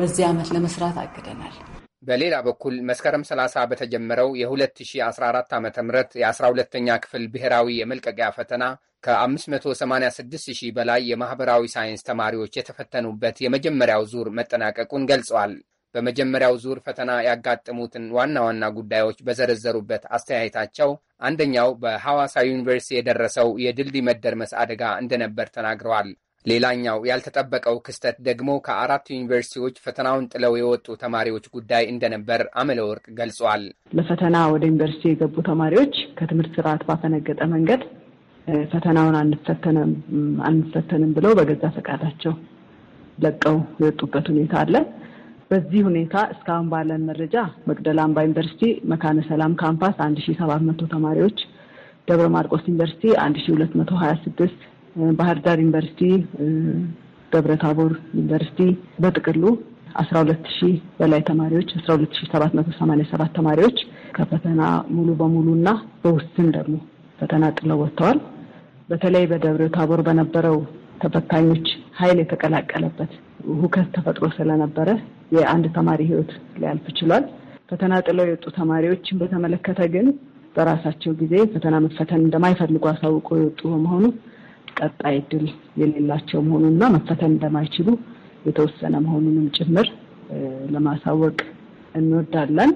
በዚህ ዓመት ለመስራት አቅደናል።
በሌላ በኩል መስከረም 30 በተጀመረው የ2014 ዓ ም የ 12 ተኛ ክፍል ብሔራዊ የመልቀቂያ ፈተና ከ586ሺህ በላይ የማኅበራዊ ሳይንስ ተማሪዎች የተፈተኑበት የመጀመሪያው ዙር መጠናቀቁን ገልጸዋል። በመጀመሪያው ዙር ፈተና ያጋጠሙትን ዋና ዋና ጉዳዮች በዘረዘሩበት አስተያየታቸው አንደኛው በሐዋሳ ዩኒቨርሲቲ የደረሰው የድልድይ መደርመስ አደጋ እንደነበር ተናግረዋል። ሌላኛው ያልተጠበቀው ክስተት ደግሞ ከአራቱ ዩኒቨርሲቲዎች ፈተናውን ጥለው የወጡ ተማሪዎች ጉዳይ እንደነበር አመለወርቅ ገልጿል።
ለፈተና ወደ ዩኒቨርሲቲ የገቡ ተማሪዎች ከትምህርት ስርዓት ባፈነገጠ መንገድ ፈተናውን አንፈተንም ብለው በገዛ ፈቃዳቸው ለቀው የወጡበት ሁኔታ አለ። በዚህ ሁኔታ እስካሁን ባለን መረጃ መቅደላ አምባ ዩኒቨርሲቲ መካነ ሰላም ካምፓስ አንድ ሺ ሰባት መቶ ተማሪዎች፣ ደብረ ማርቆስ ዩኒቨርሲቲ አንድ ሺ ሁለት መቶ ሀያ ስድስት ባህር ዳር ዩኒቨርሲቲ፣ ደብረ ታቦር ዩኒቨርሲቲ በጥቅሉ አስራ ሁለት ሺህ በላይ ተማሪዎች አስራ ሁለት ሺህ ሰባት መቶ ሰማኒያ ሰባት ተማሪዎች ከፈተና ሙሉ በሙሉ እና በውስን ደግሞ ፈተና ጥለው ወጥተዋል። በተለይ በደብረ ታቦር በነበረው ተፈታኞች ኃይል የተቀላቀለበት ሁከት ተፈጥሮ ስለነበረ የአንድ ተማሪ ሕይወት ሊያልፍ ችሏል። ፈተና ጥለው የወጡ ተማሪዎችን በተመለከተ ግን በራሳቸው ጊዜ ፈተና መፈተን እንደማይፈልጉ አሳውቆ የወጡ በመሆኑ ቀጣይ እድል የሌላቸው መሆኑንና መፈተን እንደማይችሉ የተወሰነ መሆኑንም ጭምር ለማሳወቅ እንወዳለን።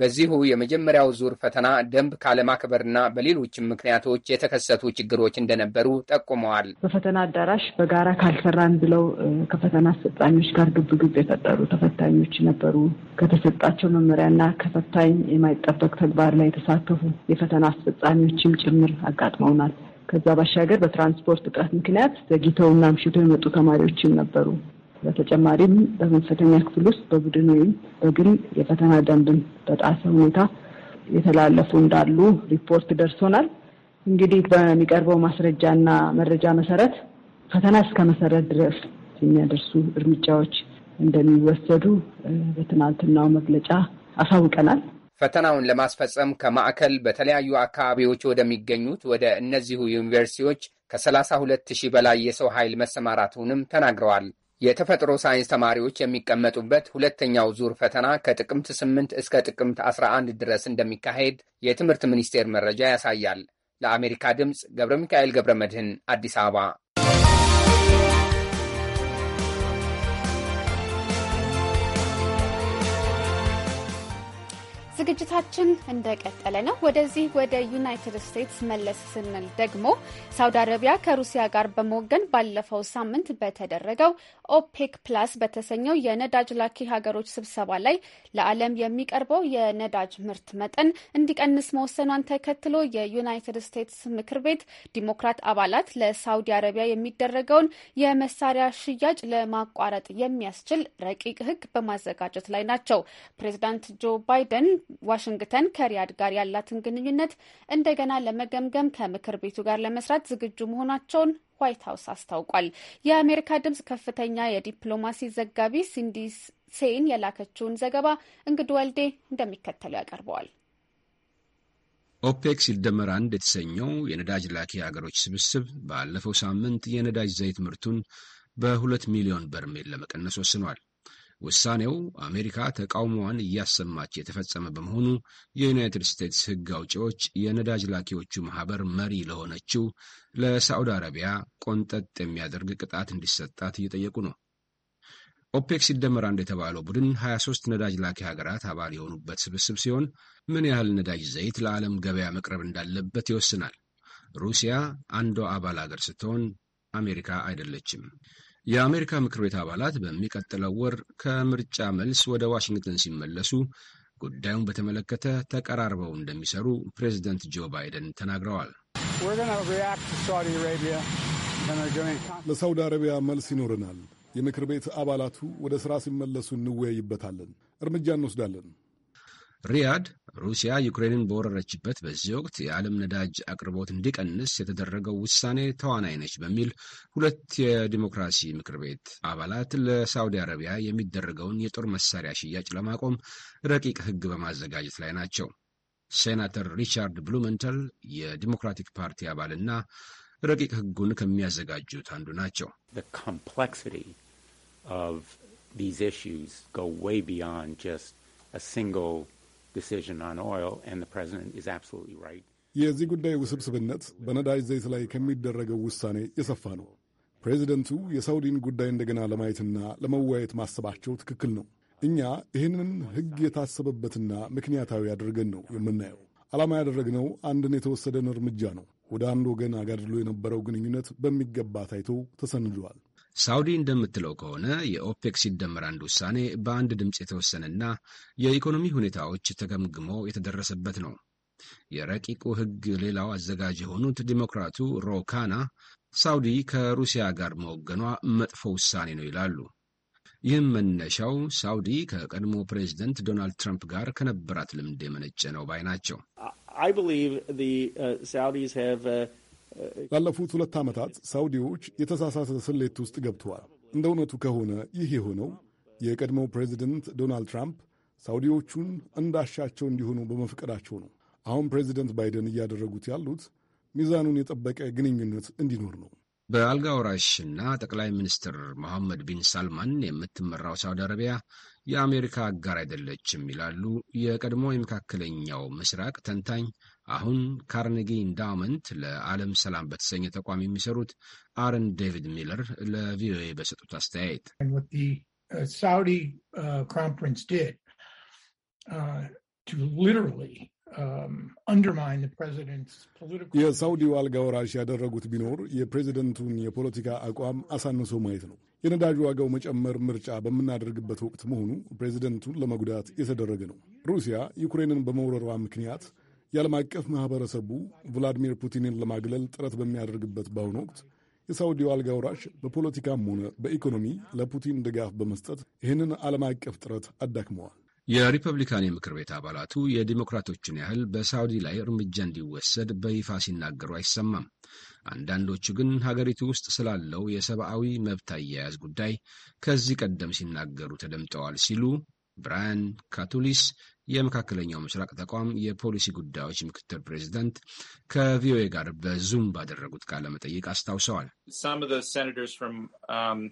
በዚሁ የመጀመሪያው ዙር ፈተና ደንብ ካለማክበርና በሌሎችም ምክንያቶች የተከሰቱ ችግሮች እንደነበሩ ጠቁመዋል።
በፈተና አዳራሽ በጋራ ካልሰራን ብለው ከፈተና አሰጣኞች ጋር ግብ የፈጠሩ ተፈታኞች ነበሩ። ከተሰጣቸው መመሪያና ከፈታኝ የማይጠበቅ ተግባር ላይ የተሳተፉ የፈተና አስፈጻሚዎችም ጭምር አጋጥመውናል። ከዛ ባሻገር በትራንስፖርት እጥረት ምክንያት ዘግይተውና አምሽተው የመጡ ተማሪዎችም ነበሩ። በተጨማሪም በመፈተኛ ክፍል ውስጥ በቡድን ወይም በግል የፈተና ደንብን በጣሰ ሁኔታ የተላለፉ እንዳሉ ሪፖርት ደርሶናል። እንግዲህ በሚቀርበው ማስረጃና መረጃ መሰረት ፈተና እስከ መሰረት ድረስ የሚያደርሱ እርምጃዎች እንደሚወሰዱ በትናንትናው መግለጫ አሳውቀናል።
ፈተናውን ለማስፈጸም ከማዕከል በተለያዩ አካባቢዎች ወደሚገኙት ወደ እነዚሁ ዩኒቨርሲቲዎች ከ32 ሺህ በላይ የሰው ኃይል መሰማራቱንም ተናግረዋል። የተፈጥሮ ሳይንስ ተማሪዎች የሚቀመጡበት ሁለተኛው ዙር ፈተና ከጥቅምት 8 እስከ ጥቅምት 11 ድረስ እንደሚካሄድ የትምህርት ሚኒስቴር መረጃ ያሳያል። ለአሜሪካ ድምፅ ገብረ ሚካኤል ገብረ መድህን አዲስ አበባ
ዝግጅታችን እንደቀጠለ ነው። ወደዚህ ወደ ዩናይትድ ስቴትስ መለስ ስንል ደግሞ ሳውዲ አረቢያ ከሩሲያ ጋር በመወገን ባለፈው ሳምንት በተደረገው ኦፔክ ፕላስ በተሰኘው የነዳጅ ላኪ ሀገሮች ስብሰባ ላይ ለዓለም የሚቀርበው የነዳጅ ምርት መጠን እንዲቀንስ መወሰኗን ተከትሎ የዩናይትድ ስቴትስ ምክር ቤት ዲሞክራት አባላት ለሳውዲ አረቢያ የሚደረገውን የመሳሪያ ሽያጭ ለማቋረጥ የሚያስችል ረቂቅ ሕግ በማዘጋጀት ላይ ናቸው። ፕሬዚዳንት ጆ ባይደን ዋሽንግተን ከሪያድ ጋር ያላትን ግንኙነት እንደገና ለመገምገም ከምክር ቤቱ ጋር ለመስራት ዝግጁ መሆናቸውን ዋይት ሀውስ አስታውቋል። የአሜሪካ ድምጽ ከፍተኛ የዲፕሎማሲ ዘጋቢ ሲንዲ ሴይን የላከችውን ዘገባ እንግድ ወልዴ እንደሚከተለው ያቀርበዋል።
ኦፔክ ሲደመር አንድ የተሰኘው የነዳጅ ላኪ ሀገሮች ስብስብ ባለፈው ሳምንት የነዳጅ ዘይት ምርቱን በሁለት ሚሊዮን በርሜል ለመቀነስ ወስኗል። ውሳኔው አሜሪካ ተቃውሞዋን እያሰማች የተፈጸመ በመሆኑ የዩናይትድ ስቴትስ ሕግ አውጪዎች የነዳጅ ላኪዎቹ ማኅበር መሪ ለሆነችው ለሳዑዲ አረቢያ ቆንጠጥ የሚያደርግ ቅጣት እንዲሰጣት እየጠየቁ ነው። ኦፔክ ሲደመር አንድ የተባለው ቡድን 23 ነዳጅ ላኪ ሀገራት አባል የሆኑበት ስብስብ ሲሆን ምን ያህል ነዳጅ ዘይት ለዓለም ገበያ መቅረብ እንዳለበት ይወስናል። ሩሲያ አንዷ አባል አገር ስትሆን አሜሪካ አይደለችም። የአሜሪካ ምክር ቤት አባላት በሚቀጥለው ወር ከምርጫ መልስ ወደ ዋሽንግተን ሲመለሱ ጉዳዩን በተመለከተ ተቀራርበው እንደሚሰሩ ፕሬዚደንት ጆ ባይደን ተናግረዋል።
ለሳውዲ አረቢያ መልስ ይኖረናል። የምክር ቤት አባላቱ ወደ ሥራ ሲመለሱ እንወያይበታለን፣ እርምጃ እንወስዳለን።
ሪያድ ሩሲያ ዩክሬንን በወረረችበት በዚህ ወቅት የዓለም ነዳጅ አቅርቦት እንዲቀንስ የተደረገው ውሳኔ ተዋናይ ነች በሚል ሁለት የዲሞክራሲ ምክር ቤት አባላት ለሳውዲ አረቢያ የሚደረገውን የጦር መሳሪያ ሽያጭ ለማቆም ረቂቅ ሕግ በማዘጋጀት ላይ ናቸው። ሴናተር ሪቻርድ ብሉመንተል የዲሞክራቲክ ፓርቲ አባልና ረቂቅ ሕጉን ከሚያዘጋጁት አንዱ ናቸው።
ሪያድ decision on oil, and the president is absolutely right.
የዚህ ጉዳይ ውስብስብነት በነዳጅ ዘይት ላይ ከሚደረገው ውሳኔ የሰፋ ነው። ፕሬዚደንቱ የሳውዲን ጉዳይ እንደገና ለማየትና ለመወያየት ማሰባቸው ትክክል ነው። እኛ ይህንን ሕግ የታሰበበትና ምክንያታዊ አድርገን ነው የምናየው። ዓላማ ያደረግነው አንድን የተወሰደን እርምጃ ነው። ወደ አንድ ወገን አጋድሎ የነበረው ግንኙነት በሚገባ ታይቶ ተሰንዷል።
ሳውዲ እንደምትለው ከሆነ የኦፔክ ሲደመር አንድ ውሳኔ በአንድ ድምፅ የተወሰነና የኢኮኖሚ ሁኔታዎች ተገምግሞ የተደረሰበት ነው። የረቂቁ ሕግ ሌላው አዘጋጅ የሆኑት ዲሞክራቱ ሮካና ሳውዲ ከሩሲያ ጋር መወገኗ መጥፎ ውሳኔ ነው ይላሉ። ይህም መነሻው ሳውዲ ከቀድሞ ፕሬዚደንት ዶናልድ ትራምፕ ጋር ከነበራት ልምድ የመነጨ ነው ባይ ናቸው።
ላለፉት ሁለት ዓመታት ሳውዲዎች የተሳሳተ ስሌት ውስጥ ገብተዋል። እንደ እውነቱ ከሆነ ይህ የሆነው የቀድሞው ፕሬዚደንት ዶናልድ ትራምፕ ሳውዲዎቹን እንዳሻቸው እንዲሆኑ በመፍቀዳቸው ነው። አሁን ፕሬዚደንት ባይደን እያደረጉት ያሉት ሚዛኑን የጠበቀ ግንኙነት እንዲኖር ነው።
በአልጋ ወራሽና ጠቅላይ ሚኒስትር መሐመድ ቢን ሳልማን የምትመራው ሳውዲ አረቢያ የአሜሪካ አጋር አይደለችም ይላሉ የቀድሞ የመካከለኛው ምስራቅ ተንታኝ አሁን ካርኔጊ ኢንዳውመንት ለዓለም ሰላም በተሰኘ ተቋም የሚሰሩት አረን ዴቪድ ሚለር ለቪኦኤ በሰጡት አስተያየት
የሳውዲው አልጋ ወራሽ ያደረጉት ቢኖር የፕሬዚደንቱን የፖለቲካ አቋም አሳንሶ ማየት ነው። የነዳጅ ዋጋው መጨመር ምርጫ በምናደርግበት ወቅት መሆኑ ፕሬዚደንቱን ለመጉዳት የተደረገ ነው። ሩሲያ ዩክሬንን በመውረሯ ምክንያት የዓለም አቀፍ ማኅበረሰቡ ቭላዲሚር ፑቲንን ለማግለል ጥረት በሚያደርግበት በአሁኑ ወቅት የሳውዲው አልጋ ወራሽ በፖለቲካም ሆነ በኢኮኖሚ ለፑቲን ድጋፍ በመስጠት ይህንን ዓለም አቀፍ ጥረት አዳክመዋል።
የሪፐብሊካን የምክር ቤት አባላቱ የዲሞክራቶችን ያህል በሳውዲ ላይ እርምጃ እንዲወሰድ በይፋ ሲናገሩ አይሰማም። አንዳንዶቹ ግን ሀገሪቱ ውስጥ ስላለው የሰብአዊ መብት አያያዝ ጉዳይ ከዚህ ቀደም ሲናገሩ ተደምጠዋል ሲሉ ብራያን ካቱሊስ የመካከለኛው ምስራቅ ተቋም የፖሊሲ ጉዳዮች ምክትል ፕሬዚደንት ከቪኦኤ ጋር በዙም ባደረጉት ቃለ መጠይቅ አስታውሰዋል።
um,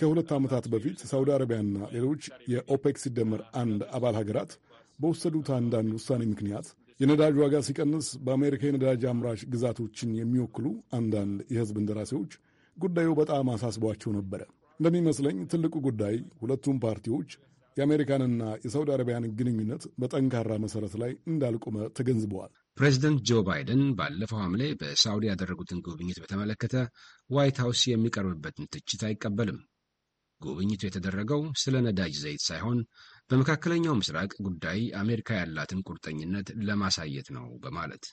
ከሁለት ዓመታት በፊት ሳውዲ አረቢያና ሌሎች የኦፔክ ሲደመር አንድ አባል ሀገራት በወሰዱት አንዳንድ ውሳኔ ምክንያት የነዳጅ ዋጋ ሲቀንስ በአሜሪካ የነዳጅ አምራች ግዛቶችን የሚወክሉ አንዳንድ የሕዝብ እንደራሴዎች ጉዳዩ በጣም አሳስቧቸው ነበረ። እንደሚመስለኝ ትልቁ ጉዳይ ሁለቱም ፓርቲዎች የአሜሪካንና የሳውዲ አረቢያን ግንኙነት በጠንካራ መሠረት ላይ
እንዳልቆመ ተገንዝበዋል። ፕሬዚደንት ጆ ባይደን ባለፈው ሐምሌ በሳውዲ ያደረጉትን ጉብኝት በተመለከተ ዋይት ሀውስ የሚቀርብበትን ትችት አይቀበልም። ጉብኝቱ የተደረገው ስለ ነዳጅ ዘይት ሳይሆን በመካከለኛው ምስራቅ ጉዳይ አሜሪካ ያላትን ቁርጠኝነት ለማሳየት ነው በማለት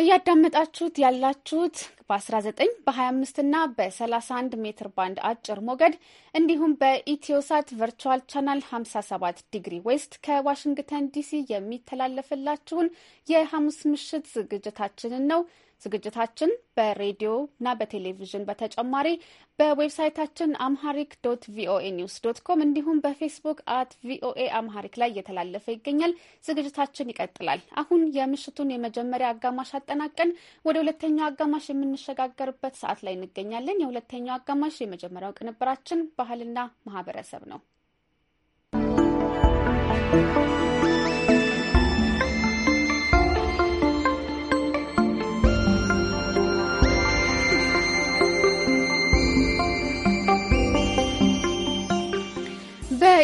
እያዳመጣችሁት ያላችሁት በ19 በ25 እና በ31 ሜትር ባንድ አጭር ሞገድ እንዲሁም በኢትዮሳት ቨርቹዋል ቻናል 57 ዲግሪ ዌስት ከዋሽንግተን ዲሲ የሚተላለፍላችሁን የሐሙስ ምሽት ዝግጅታችንን ነው። ዝግጅታችን በሬዲዮ እና በቴሌቪዥን በተጨማሪ በዌብሳይታችን አምሃሪክ ዶት ቪኦኤ ኒውስ ዶት ኮም እንዲሁም በፌስቡክ አት ቪኦኤ አምሃሪክ ላይ እየተላለፈ ይገኛል። ዝግጅታችን ይቀጥላል። አሁን የምሽቱን የመጀመሪያ አጋማሽ አጠናቀን ወደ ሁለተኛው አጋማሽ የምንሸጋገርበት ሰዓት ላይ እንገኛለን። የሁለተኛው አጋማሽ የመጀመሪያው ቅንብራችን ባህልና ማህበረሰብ ነው።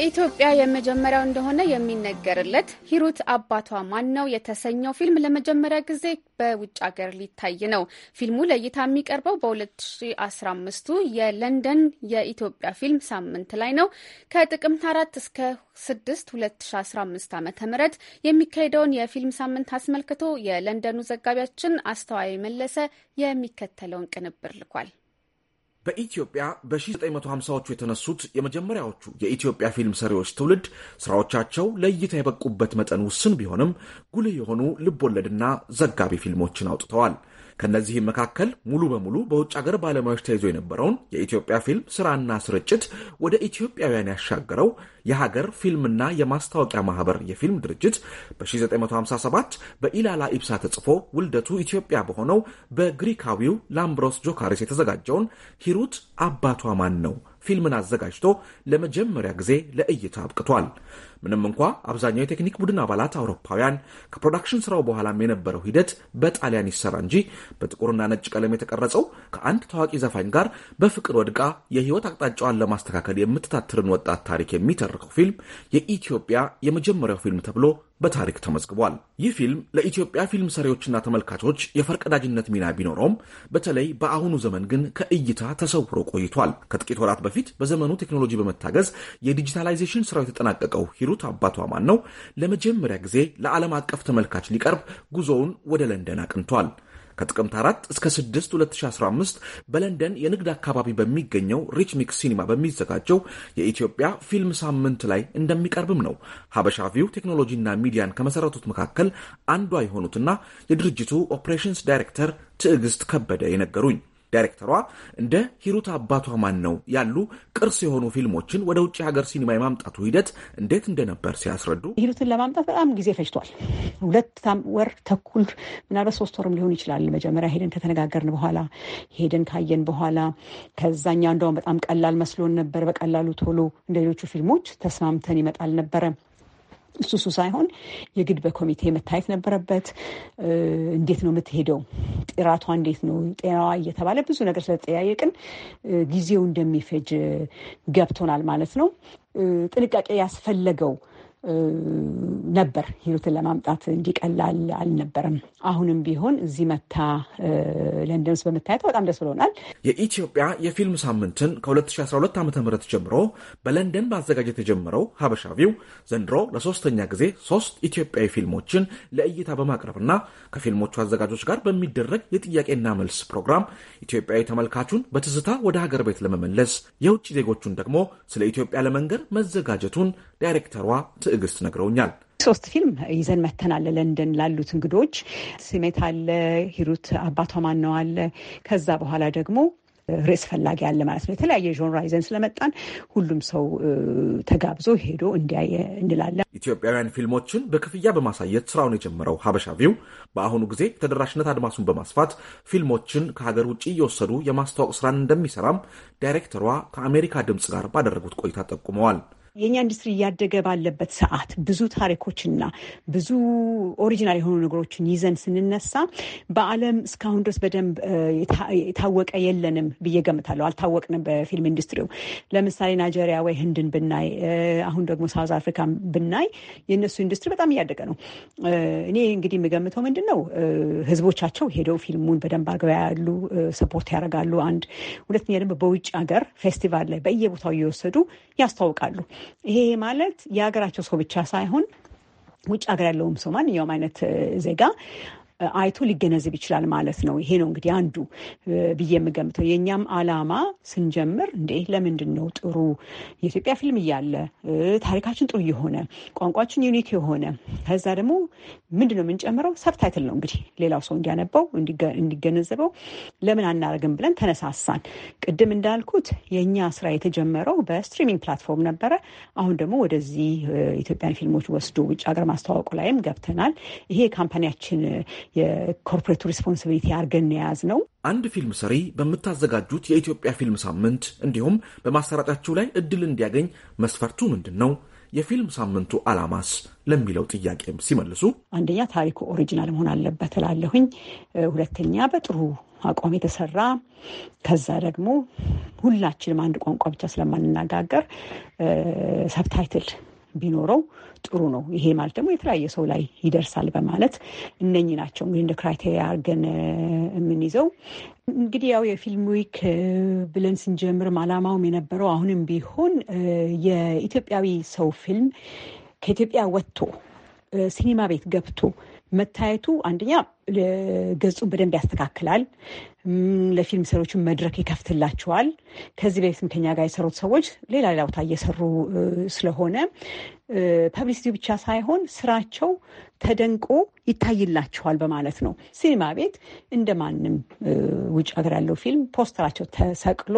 በኢትዮጵያ የመጀመሪያው እንደሆነ የሚነገርለት ሂሩት አባቷ ማን ነው የተሰኘው ፊልም ለመጀመሪያ ጊዜ በውጭ ሀገር ሊታይ ነው። ፊልሙ ለእይታ የሚቀርበው በ 2015 የለንደን የኢትዮጵያ ፊልም ሳምንት ላይ ነው። ከጥቅምት 4 እስከ 6 2015 ዓ ም የሚካሄደውን የፊልም ሳምንት አስመልክቶ የለንደኑ ዘጋቢያችን አስተዋይ መለሰ የሚከተለውን ቅንብር ልኳል።
በኢትዮጵያ በ1950ዎቹ የተነሱት የመጀመሪያዎቹ የኢትዮጵያ ፊልም ሰሪዎች ትውልድ ስራዎቻቸው ለእይታ የበቁበት መጠን ውስን ቢሆንም ጉልህ የሆኑ ልቦወለድና ዘጋቢ ፊልሞችን አውጥተዋል። ከእነዚህም መካከል ሙሉ በሙሉ በውጭ ሀገር ባለሙያዎች ተይዞ የነበረውን የኢትዮጵያ ፊልም ስራና ስርጭት ወደ ኢትዮጵያውያን ያሻገረው የሀገር ፊልምና የማስታወቂያ ማህበር የፊልም ድርጅት በ1957 በኢላላ ኢብሳ ተጽፎ ውልደቱ ኢትዮጵያ በሆነው በግሪካዊው ላምብሮስ ጆካሪስ የተዘጋጀውን ሂሩት አባቷ ማን ነው ፊልምን አዘጋጅቶ ለመጀመሪያ ጊዜ ለእይታ አብቅቷል። ምንም እንኳ አብዛኛው የቴክኒክ ቡድን አባላት አውሮፓውያን ከፕሮዳክሽን ስራው በኋላም የነበረው ሂደት በጣሊያን ይሰራ እንጂ በጥቁርና ነጭ ቀለም የተቀረጸው ከአንድ ታዋቂ ዘፋኝ ጋር በፍቅር ወድቃ የህይወት አቅጣጫዋን ለማስተካከል የምትታትርን ወጣት ታሪክ የሚተርከው ፊልም የኢትዮጵያ የመጀመሪያው ፊልም ተብሎ በታሪክ ተመዝግቧል። ይህ ፊልም ለኢትዮጵያ ፊልም ሰሪዎችና ተመልካቾች የፈርቀዳጅነት ሚና ቢኖረውም በተለይ በአሁኑ ዘመን ግን ከእይታ ተሰውሮ ቆይቷል። ከጥቂት ወራት በፊት በዘመኑ ቴክኖሎጂ በመታገዝ የዲጂታላይዜሽን ስራው የተጠናቀቀው ቤይሩት አባቷ ማን ነው ለመጀመሪያ ጊዜ ለዓለም አቀፍ ተመልካች ሊቀርብ ጉዞውን ወደ ለንደን አቅንቷል። ከጥቅምት 4 እስከ 6 2015 በለንደን የንግድ አካባቢ በሚገኘው ሪች ሚክስ ሲኒማ በሚዘጋጀው የኢትዮጵያ ፊልም ሳምንት ላይ እንደሚቀርብም ነው ሀበሻ ቪው ቴክኖሎጂና ሚዲያን ከመሰረቱት መካከል አንዷ የሆኑትና የድርጅቱ ኦፕሬሽንስ ዳይሬክተር ትዕግስት ከበደ የነገሩኝ። ዳይሬክተሯ እንደ ሂሩት አባቷ ማን ነው ያሉ ቅርስ የሆኑ ፊልሞችን ወደ ውጭ ሀገር ሲኒማ የማምጣቱ ሂደት እንዴት እንደነበር ሲያስረዱ
ሂሩትን ለማምጣት በጣም ጊዜ ፈጅቷል። ሁለት ወር ተኩል ምናልባት ሶስት ወርም ሊሆን ይችላል። መጀመሪያ ሄደን ከተነጋገርን በኋላ ሄደን ካየን በኋላ ከዛኛ እንደውም በጣም ቀላል መስሎን ነበር። በቀላሉ ቶሎ እንደሌሎቹ ፊልሞች ተስማምተን ይመጣል ነበረ እሱ እሱ ሳይሆን የግድ በኮሚቴ መታየት ነበረበት። እንዴት ነው የምትሄደው፣ ጥራቷ እንዴት ነው፣ ጤናዋ እየተባለ ብዙ ነገር ስለተጠያየቅን ጊዜው እንደሚፈጅ ገብቶናል ማለት ነው። ጥንቃቄ ያስፈለገው ነበር ህይወትን ለማምጣት እንዲቀላል አልነበረም። አሁንም ቢሆን እዚህ መታ
ለንደን ውስጥ በጣም ደስ ብሎናል። የኢትዮጵያ የፊልም ሳምንትን ከ2012 ዓ ም ጀምሮ በለንደን በአዘጋጀት የጀመረው ሀበሻቪው ዘንድሮ ለሶስተኛ ጊዜ ሶስት ኢትዮጵያዊ ፊልሞችን ለእይታ በማቅረብና ከፊልሞቹ አዘጋጆች ጋር በሚደረግ የጥያቄና መልስ ፕሮግራም ኢትዮጵያዊ ተመልካቹን በትዝታ ወደ ሀገር ቤት ለመመለስ የውጭ ዜጎቹን ደግሞ ስለ ኢትዮጵያ ለመንገር መዘጋጀቱን ዳይሬክተሯ ትዕግስት ነግረውኛል።
ሶስት ፊልም ይዘን መተናለ ለንደን ላሉት እንግዶች ስሜት አለ፣ ሂሩት አባቷ ነው አለ፣ ከዛ በኋላ ደግሞ ርዕስ ፈላጊ አለ ማለት ነው። የተለያየ ዦንራ ይዘን ስለመጣን ሁሉም ሰው ተጋብዞ ሄዶ እንዲያየ እንላለን።
ኢትዮጵያውያን ፊልሞችን በክፍያ በማሳየት ስራውን የጀመረው ሀበሻ ቪው በአሁኑ ጊዜ ተደራሽነት አድማሱን በማስፋት ፊልሞችን ከሀገር ውጭ እየወሰዱ የማስታወቅ ስራን እንደሚሰራም ዳይሬክተሯ ከአሜሪካ ድምፅ ጋር ባደረጉት ቆይታ ጠቁመዋል።
የእኛ ኢንዱስትሪ እያደገ ባለበት ሰዓት ብዙ ታሪኮችና ብዙ ኦሪጂናል የሆኑ ነገሮችን ይዘን ስንነሳ በዓለም እስካሁን ድረስ በደንብ የታወቀ የለንም ብዬ ገምታለሁ። አልታወቅንም በፊልም ኢንዱስትሪው። ለምሳሌ ናይጄሪያ ወይ ህንድን ብናይ፣ አሁን ደግሞ ሳውዝ አፍሪካ ብናይ የእነሱ ኢንዱስትሪ በጣም እያደገ ነው። እኔ እንግዲህ የምገምተው ምንድን ነው ህዝቦቻቸው ሄደው ፊልሙን በደንብ አግባ ያሉ ሰፖርት ያደርጋሉ። አንድ ሁለተኛ ደግሞ በውጭ ሀገር ፌስቲቫል ላይ በየቦታው እየወሰዱ ያስተዋውቃሉ። ይሄ ማለት የሀገራቸው ሰው ብቻ ሳይሆን ውጭ ሀገር ያለውም ሰው ማንኛውም አይነት ዜጋ አይቶ ሊገነዘብ ይችላል ማለት ነው። ይሄ ነው እንግዲህ አንዱ ብዬ የምገምተው የእኛም አላማ ስንጀምር እንዴ ለምንድን ነው ጥሩ የኢትዮጵያ ፊልም እያለ ታሪካችን ጥሩ የሆነ ቋንቋችን ዩኒክ የሆነ ከዛ ደግሞ ምንድን ነው የምንጨምረው? ሰብታይትል ነው እንግዲህ ሌላው ሰው እንዲያነባው እንዲገነዘበው ለምን አናደርግም ብለን ተነሳሳን። ቅድም እንዳልኩት የእኛ ስራ የተጀመረው በስትሪሚንግ ፕላትፎርም ነበረ። አሁን ደግሞ ወደዚህ ኢትዮጵያን ፊልሞች ወስዶ ውጭ ሀገር ማስተዋወቁ ላይም ገብተናል። ይሄ ካምፓኒያችን የኮርፖሬቱ ሪስፖንሲቢሊቲ አድርገን
የያዝ ነው። አንድ ፊልም ሰሪ በምታዘጋጁት የኢትዮጵያ ፊልም ሳምንት እንዲሁም በማሰራጫቸው ላይ እድል እንዲያገኝ መስፈርቱ ምንድን ነው? የፊልም ሳምንቱ አላማስ ለሚለው ጥያቄ ሲመልሱ
አንደኛ ታሪኩ ኦሪጂናል መሆን አለበት እላለሁኝ። ሁለተኛ በጥሩ አቋም የተሰራ ከዛ ደግሞ ሁላችንም አንድ ቋንቋ ብቻ ስለማንነጋገር ሰብታይትል ቢኖረው ጥሩ ነው። ይሄ ማለት ደግሞ የተለያየ ሰው ላይ ይደርሳል በማለት እነኚህ ናቸው እንግዲህ እንደ ክራይቴሪያ አድርገን የምንይዘው። እንግዲህ ያው የፊልም ዊክ ብለን ስንጀምርም አላማውም የነበረው አሁንም ቢሆን የኢትዮጵያዊ ሰው ፊልም ከኢትዮጵያ ወጥቶ ሲኒማ ቤት ገብቶ መታየቱ አንደኛ ገጹን በደንብ ያስተካክላል። ለፊልም ሰሪዎችን መድረክ ይከፍትላቸዋል። ከዚህ በፊትም ከኛ ጋር የሰሩት ሰዎች ሌላ ሌላ ቦታ እየሰሩ ስለሆነ ፐብሊሲቲ ብቻ ሳይሆን ስራቸው ተደንቆ ይታይላቸዋል በማለት ነው። ሲኒማ ቤት እንደ ማንም ውጭ ሀገር ያለው ፊልም ፖስተራቸው ተሰቅሎ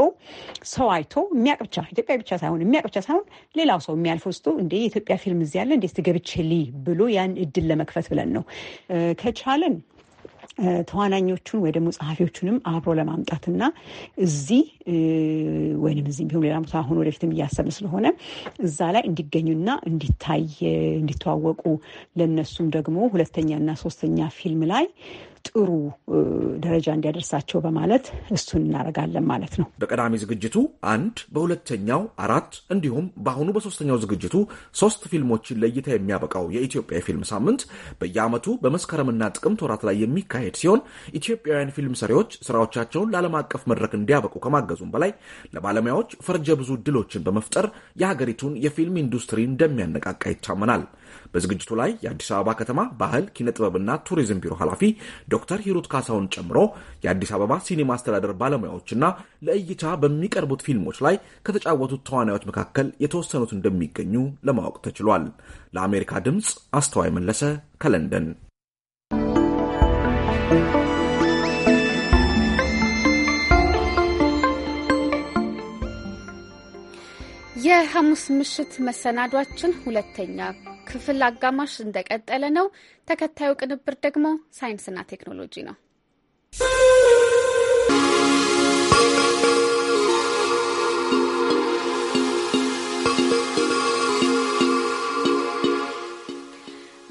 ሰው አይቶ የሚያቅ ብቻ ኢትዮጵያ ብቻ ሳይሆን የሚያቅ ብቻ ሳይሆን ሌላው ሰው የሚያልፍ ውስጡ እንደ የኢትዮጵያ ፊልም እዚህ ያለ እንዴት ገብቼ ልይ ብሎ ያን እድል ለመክፈት ብለን ነው ከቻለን ተዋናኞቹን ወይ ደግሞ ጸሐፊዎቹንም አብሮ ለማምጣትና እዚህ ወይም እዚህ ቢሆን ሌላ ቦታ አሁን ወደፊትም እያሰብን ስለሆነ እዛ ላይ እንዲገኙና እንዲታይ እንዲተዋወቁ ለነሱም ደግሞ ሁለተኛና ሶስተኛ ፊልም ላይ ጥሩ ደረጃ እንዲያደርሳቸው በማለት እሱን እናደርጋለን ማለት ነው።
በቀዳሚ ዝግጅቱ አንድ፣ በሁለተኛው አራት እንዲሁም በአሁኑ በሶስተኛው ዝግጅቱ ሶስት ፊልሞችን ለእይታ የሚያበቃው የኢትዮጵያ የፊልም ሳምንት በየዓመቱ በመስከረምና ጥቅምት ወራት ላይ የሚካሄድ ሲሆን ኢትዮጵያውያን ፊልም ሰሪዎች ስራዎቻቸውን ለዓለም አቀፍ መድረክ እንዲያበቁ ከማገዙም በላይ ለባለሙያዎች ፈርጀ ብዙ እድሎችን በመፍጠር የሀገሪቱን የፊልም ኢንዱስትሪ እንደሚያነቃቃ ይታመናል። በዝግጅቱ ላይ የአዲስ አበባ ከተማ ባህል ኪነ ቱሪዝም ቢሮ ኃላፊ ዶክተር ሂሩት ካሳውን ጨምሮ የአዲስ አበባ ሲኒማ አስተዳደር ባለሙያዎችና ለእይታ በሚቀርቡት ፊልሞች ላይ ከተጫወቱት ተዋናዮች መካከል የተወሰኑት እንደሚገኙ ለማወቅ ተችሏል። ለአሜሪካ ድምፅ አስተዋይ መለሰ ከለንደን።
የሐሙስ ምሽት መሰናዷችን ሁለተኛ ክፍል አጋማሽ እንደቀጠለ ነው። ተከታዩ ቅንብር ደግሞ ሳይንስና ቴክኖሎጂ ነው።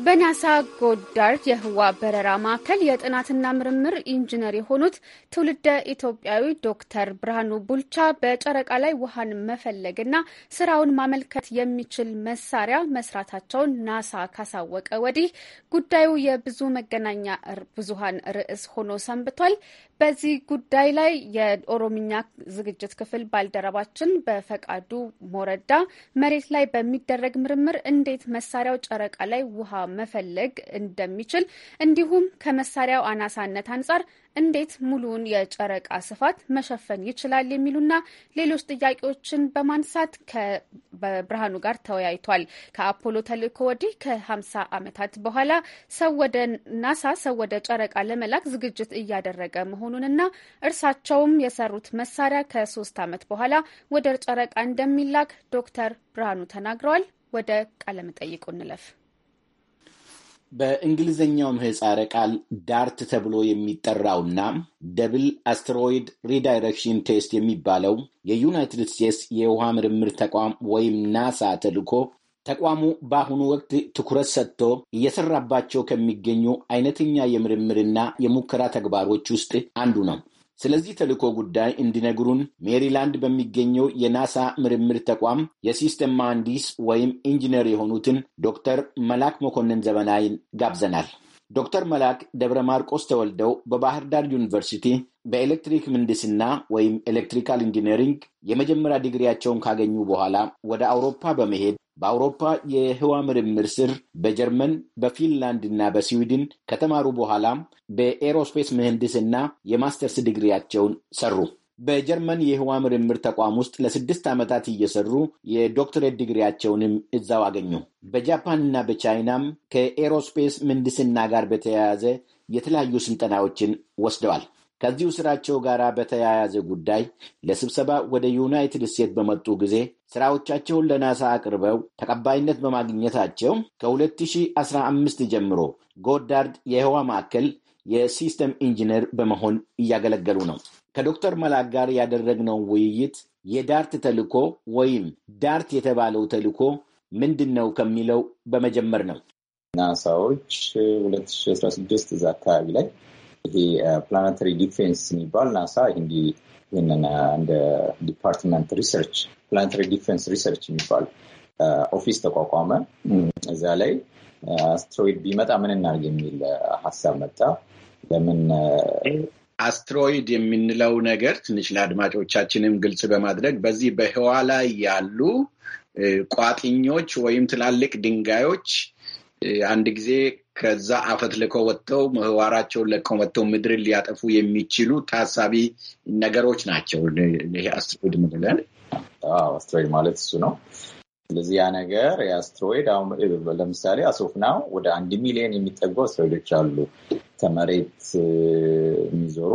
በናሳ ጎዳርድ የህዋ በረራ ማዕከል የጥናትና ምርምር ኢንጂነር የሆኑት ትውልደ ኢትዮጵያዊ ዶክተር ብርሃኑ ቡልቻ በጨረቃ ላይ ውሃን መፈለግና ስራውን ማመልከት የሚችል መሳሪያ መስራታቸውን ናሳ ካሳወቀ ወዲህ ጉዳዩ የብዙ መገናኛ ብዙሃን ርዕስ ሆኖ ሰንብቷል። በዚህ ጉዳይ ላይ የኦሮምኛ ዝግጅት ክፍል ባልደረባችን በፈቃዱ ሞረዳ መሬት ላይ በሚደረግ ምርምር እንዴት መሳሪያው ጨረቃ ላይ ውሃ መፈለግ እንደሚችል እንዲሁም ከመሳሪያው አናሳነት አንጻር እንዴት ሙሉውን የጨረቃ ስፋት መሸፈን ይችላል የሚሉና ሌሎች ጥያቄዎችን በማንሳት ከብርሃኑ ጋር ተወያይቷል። ከአፖሎ ተልእኮ ወዲህ ከ50 ዓመታት በኋላ ሰው ወደ ናሳ ሰው ወደ ጨረቃ ለመላክ ዝግጅት እያደረገ መሆኑንና እርሳቸውም የሰሩት መሳሪያ ከሶስት ዓመት በኋላ ወደ ጨረቃ እንደሚላክ ዶክተር ብርሃኑ ተናግረዋል። ወደ ቃለመጠይቁ እንለፍ።
በእንግሊዝኛው ምህፃረ ቃል ዳርት ተብሎ የሚጠራውና ደብል አስትሮይድ ሪዳይሬክሽን ቴስት የሚባለው የዩናይትድ ስቴትስ የውሃ ምርምር ተቋም ወይም ናሳ ተልእኮ ተቋሙ በአሁኑ ወቅት ትኩረት ሰጥቶ እየሰራባቸው ከሚገኙ አይነተኛ የምርምርና የሙከራ ተግባሮች ውስጥ አንዱ ነው። ስለዚህ ተልእኮ ጉዳይ እንዲነግሩን ሜሪላንድ በሚገኘው የናሳ ምርምር ተቋም የሲስተም መሐንዲስ ወይም ኢንጂነር የሆኑትን ዶክተር መላክ መኮንን ዘመናይን ጋብዘናል። ዶክተር መላክ ደብረ ማርቆስ ተወልደው በባህር ዳር ዩኒቨርሲቲ በኤሌክትሪክ ምህንድስና ወይም ኤሌክትሪካል ኢንጂነሪንግ የመጀመሪያ ዲግሪያቸውን ካገኙ በኋላ ወደ አውሮፓ በመሄድ በአውሮፓ የህዋ ምርምር ስር በጀርመን በፊንላንድ እና በስዊድን ከተማሩ በኋላ በኤሮስፔስ ምህንድስና የማስተርስ ዲግሪያቸውን ሰሩ። በጀርመን የህዋ ምርምር ተቋም ውስጥ ለስድስት ዓመታት እየሰሩ የዶክትሬት ዲግሪያቸውንም እዛው አገኙ። በጃፓን እና በቻይናም ከኤሮስፔስ ምህንድስና ጋር በተያያዘ የተለያዩ ስልጠናዎችን ወስደዋል። ከዚሁ ስራቸው ጋር በተያያዘ ጉዳይ ለስብሰባ ወደ ዩናይትድ ስቴትስ በመጡ ጊዜ ስራዎቻቸውን ለናሳ አቅርበው ተቀባይነት በማግኘታቸው ከ2015 ጀምሮ ጎዳርድ የህዋ ማዕከል የሲስተም ኢንጂነር በመሆን እያገለገሉ ነው። ከዶክተር መላክ ጋር ያደረግነው ውይይት የዳርት ተልኮ ወይም ዳርት የተባለው ተልኮ ምንድን ነው ከሚለው በመጀመር ነው።
ናሳዎች 2016 እዛ አካባቢ ላይ ይሄ ፕላኔታሪ uh, ዲፌንስ የሚባል ናሳ ይህንን uh, እንደ ዲፓርትመንት ሪሰርች ፕላኔታሪ ዲፌንስ ሪሰርች የሚባል ኦፊስ uh, ተቋቋመ። እዛ ላይ አስትሮይድ ቢመጣ ምን እናርግ የሚል ሀሳብ መጣ። ለምን
አስትሮይድ የምንለው ነገር ትንሽ ለአድማጮቻችንም ግልጽ በማድረግ በዚህ በህዋ ላይ ያሉ ቋጥኞች ወይም ትላልቅ ድንጋዮች አንድ ጊዜ ከዛ አፈት ልከው ወጥተው ምህዋራቸውን ለቀው ወጥተው ምድርን ሊያጠፉ የሚችሉ
ታሳቢ ነገሮች ናቸው። ይሄ አስትሮይድ ምንለን አስትሮይድ ማለት እሱ ነው። ስለዚህ ያ ነገር የአስትሮይድ ለምሳሌ አሶፍናው ወደ አንድ ሚሊዮን የሚጠጉ አስትሮይዶች አሉ። ከመሬት የሚዞሩ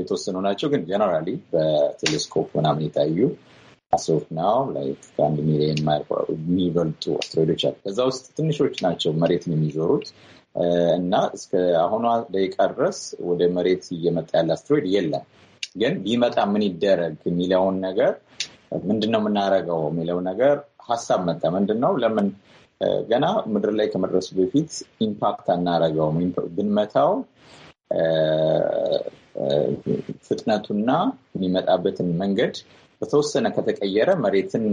የተወሰኑ ናቸው። ግን ጀነራሊ በቴሌስኮፕ ምናምን የታዩ አስ ናው ከአንድ ሚሊዮን የሚበልጡ አስትሮይዶች አሉ። ከዛ ውስጥ ትንሾች ናቸው መሬትን የሚዞሩት እና እስከ አሁኗ ደቂቃ ድረስ ወደ መሬት እየመጣ ያለ አስትሮይድ የለም። ግን ቢመጣ ምን ይደረግ የሚለውን ነገር ምንድን ነው የምናደርገው የሚለው ነገር ሀሳብ መጣ። ምንድን ነው ለምን ገና ምድር ላይ ከመድረሱ በፊት ኢምፓክት አናረገው ብንመታው ፍጥነቱና የሚመጣበትን መንገድ በተወሰነ ከተቀየረ መሬትን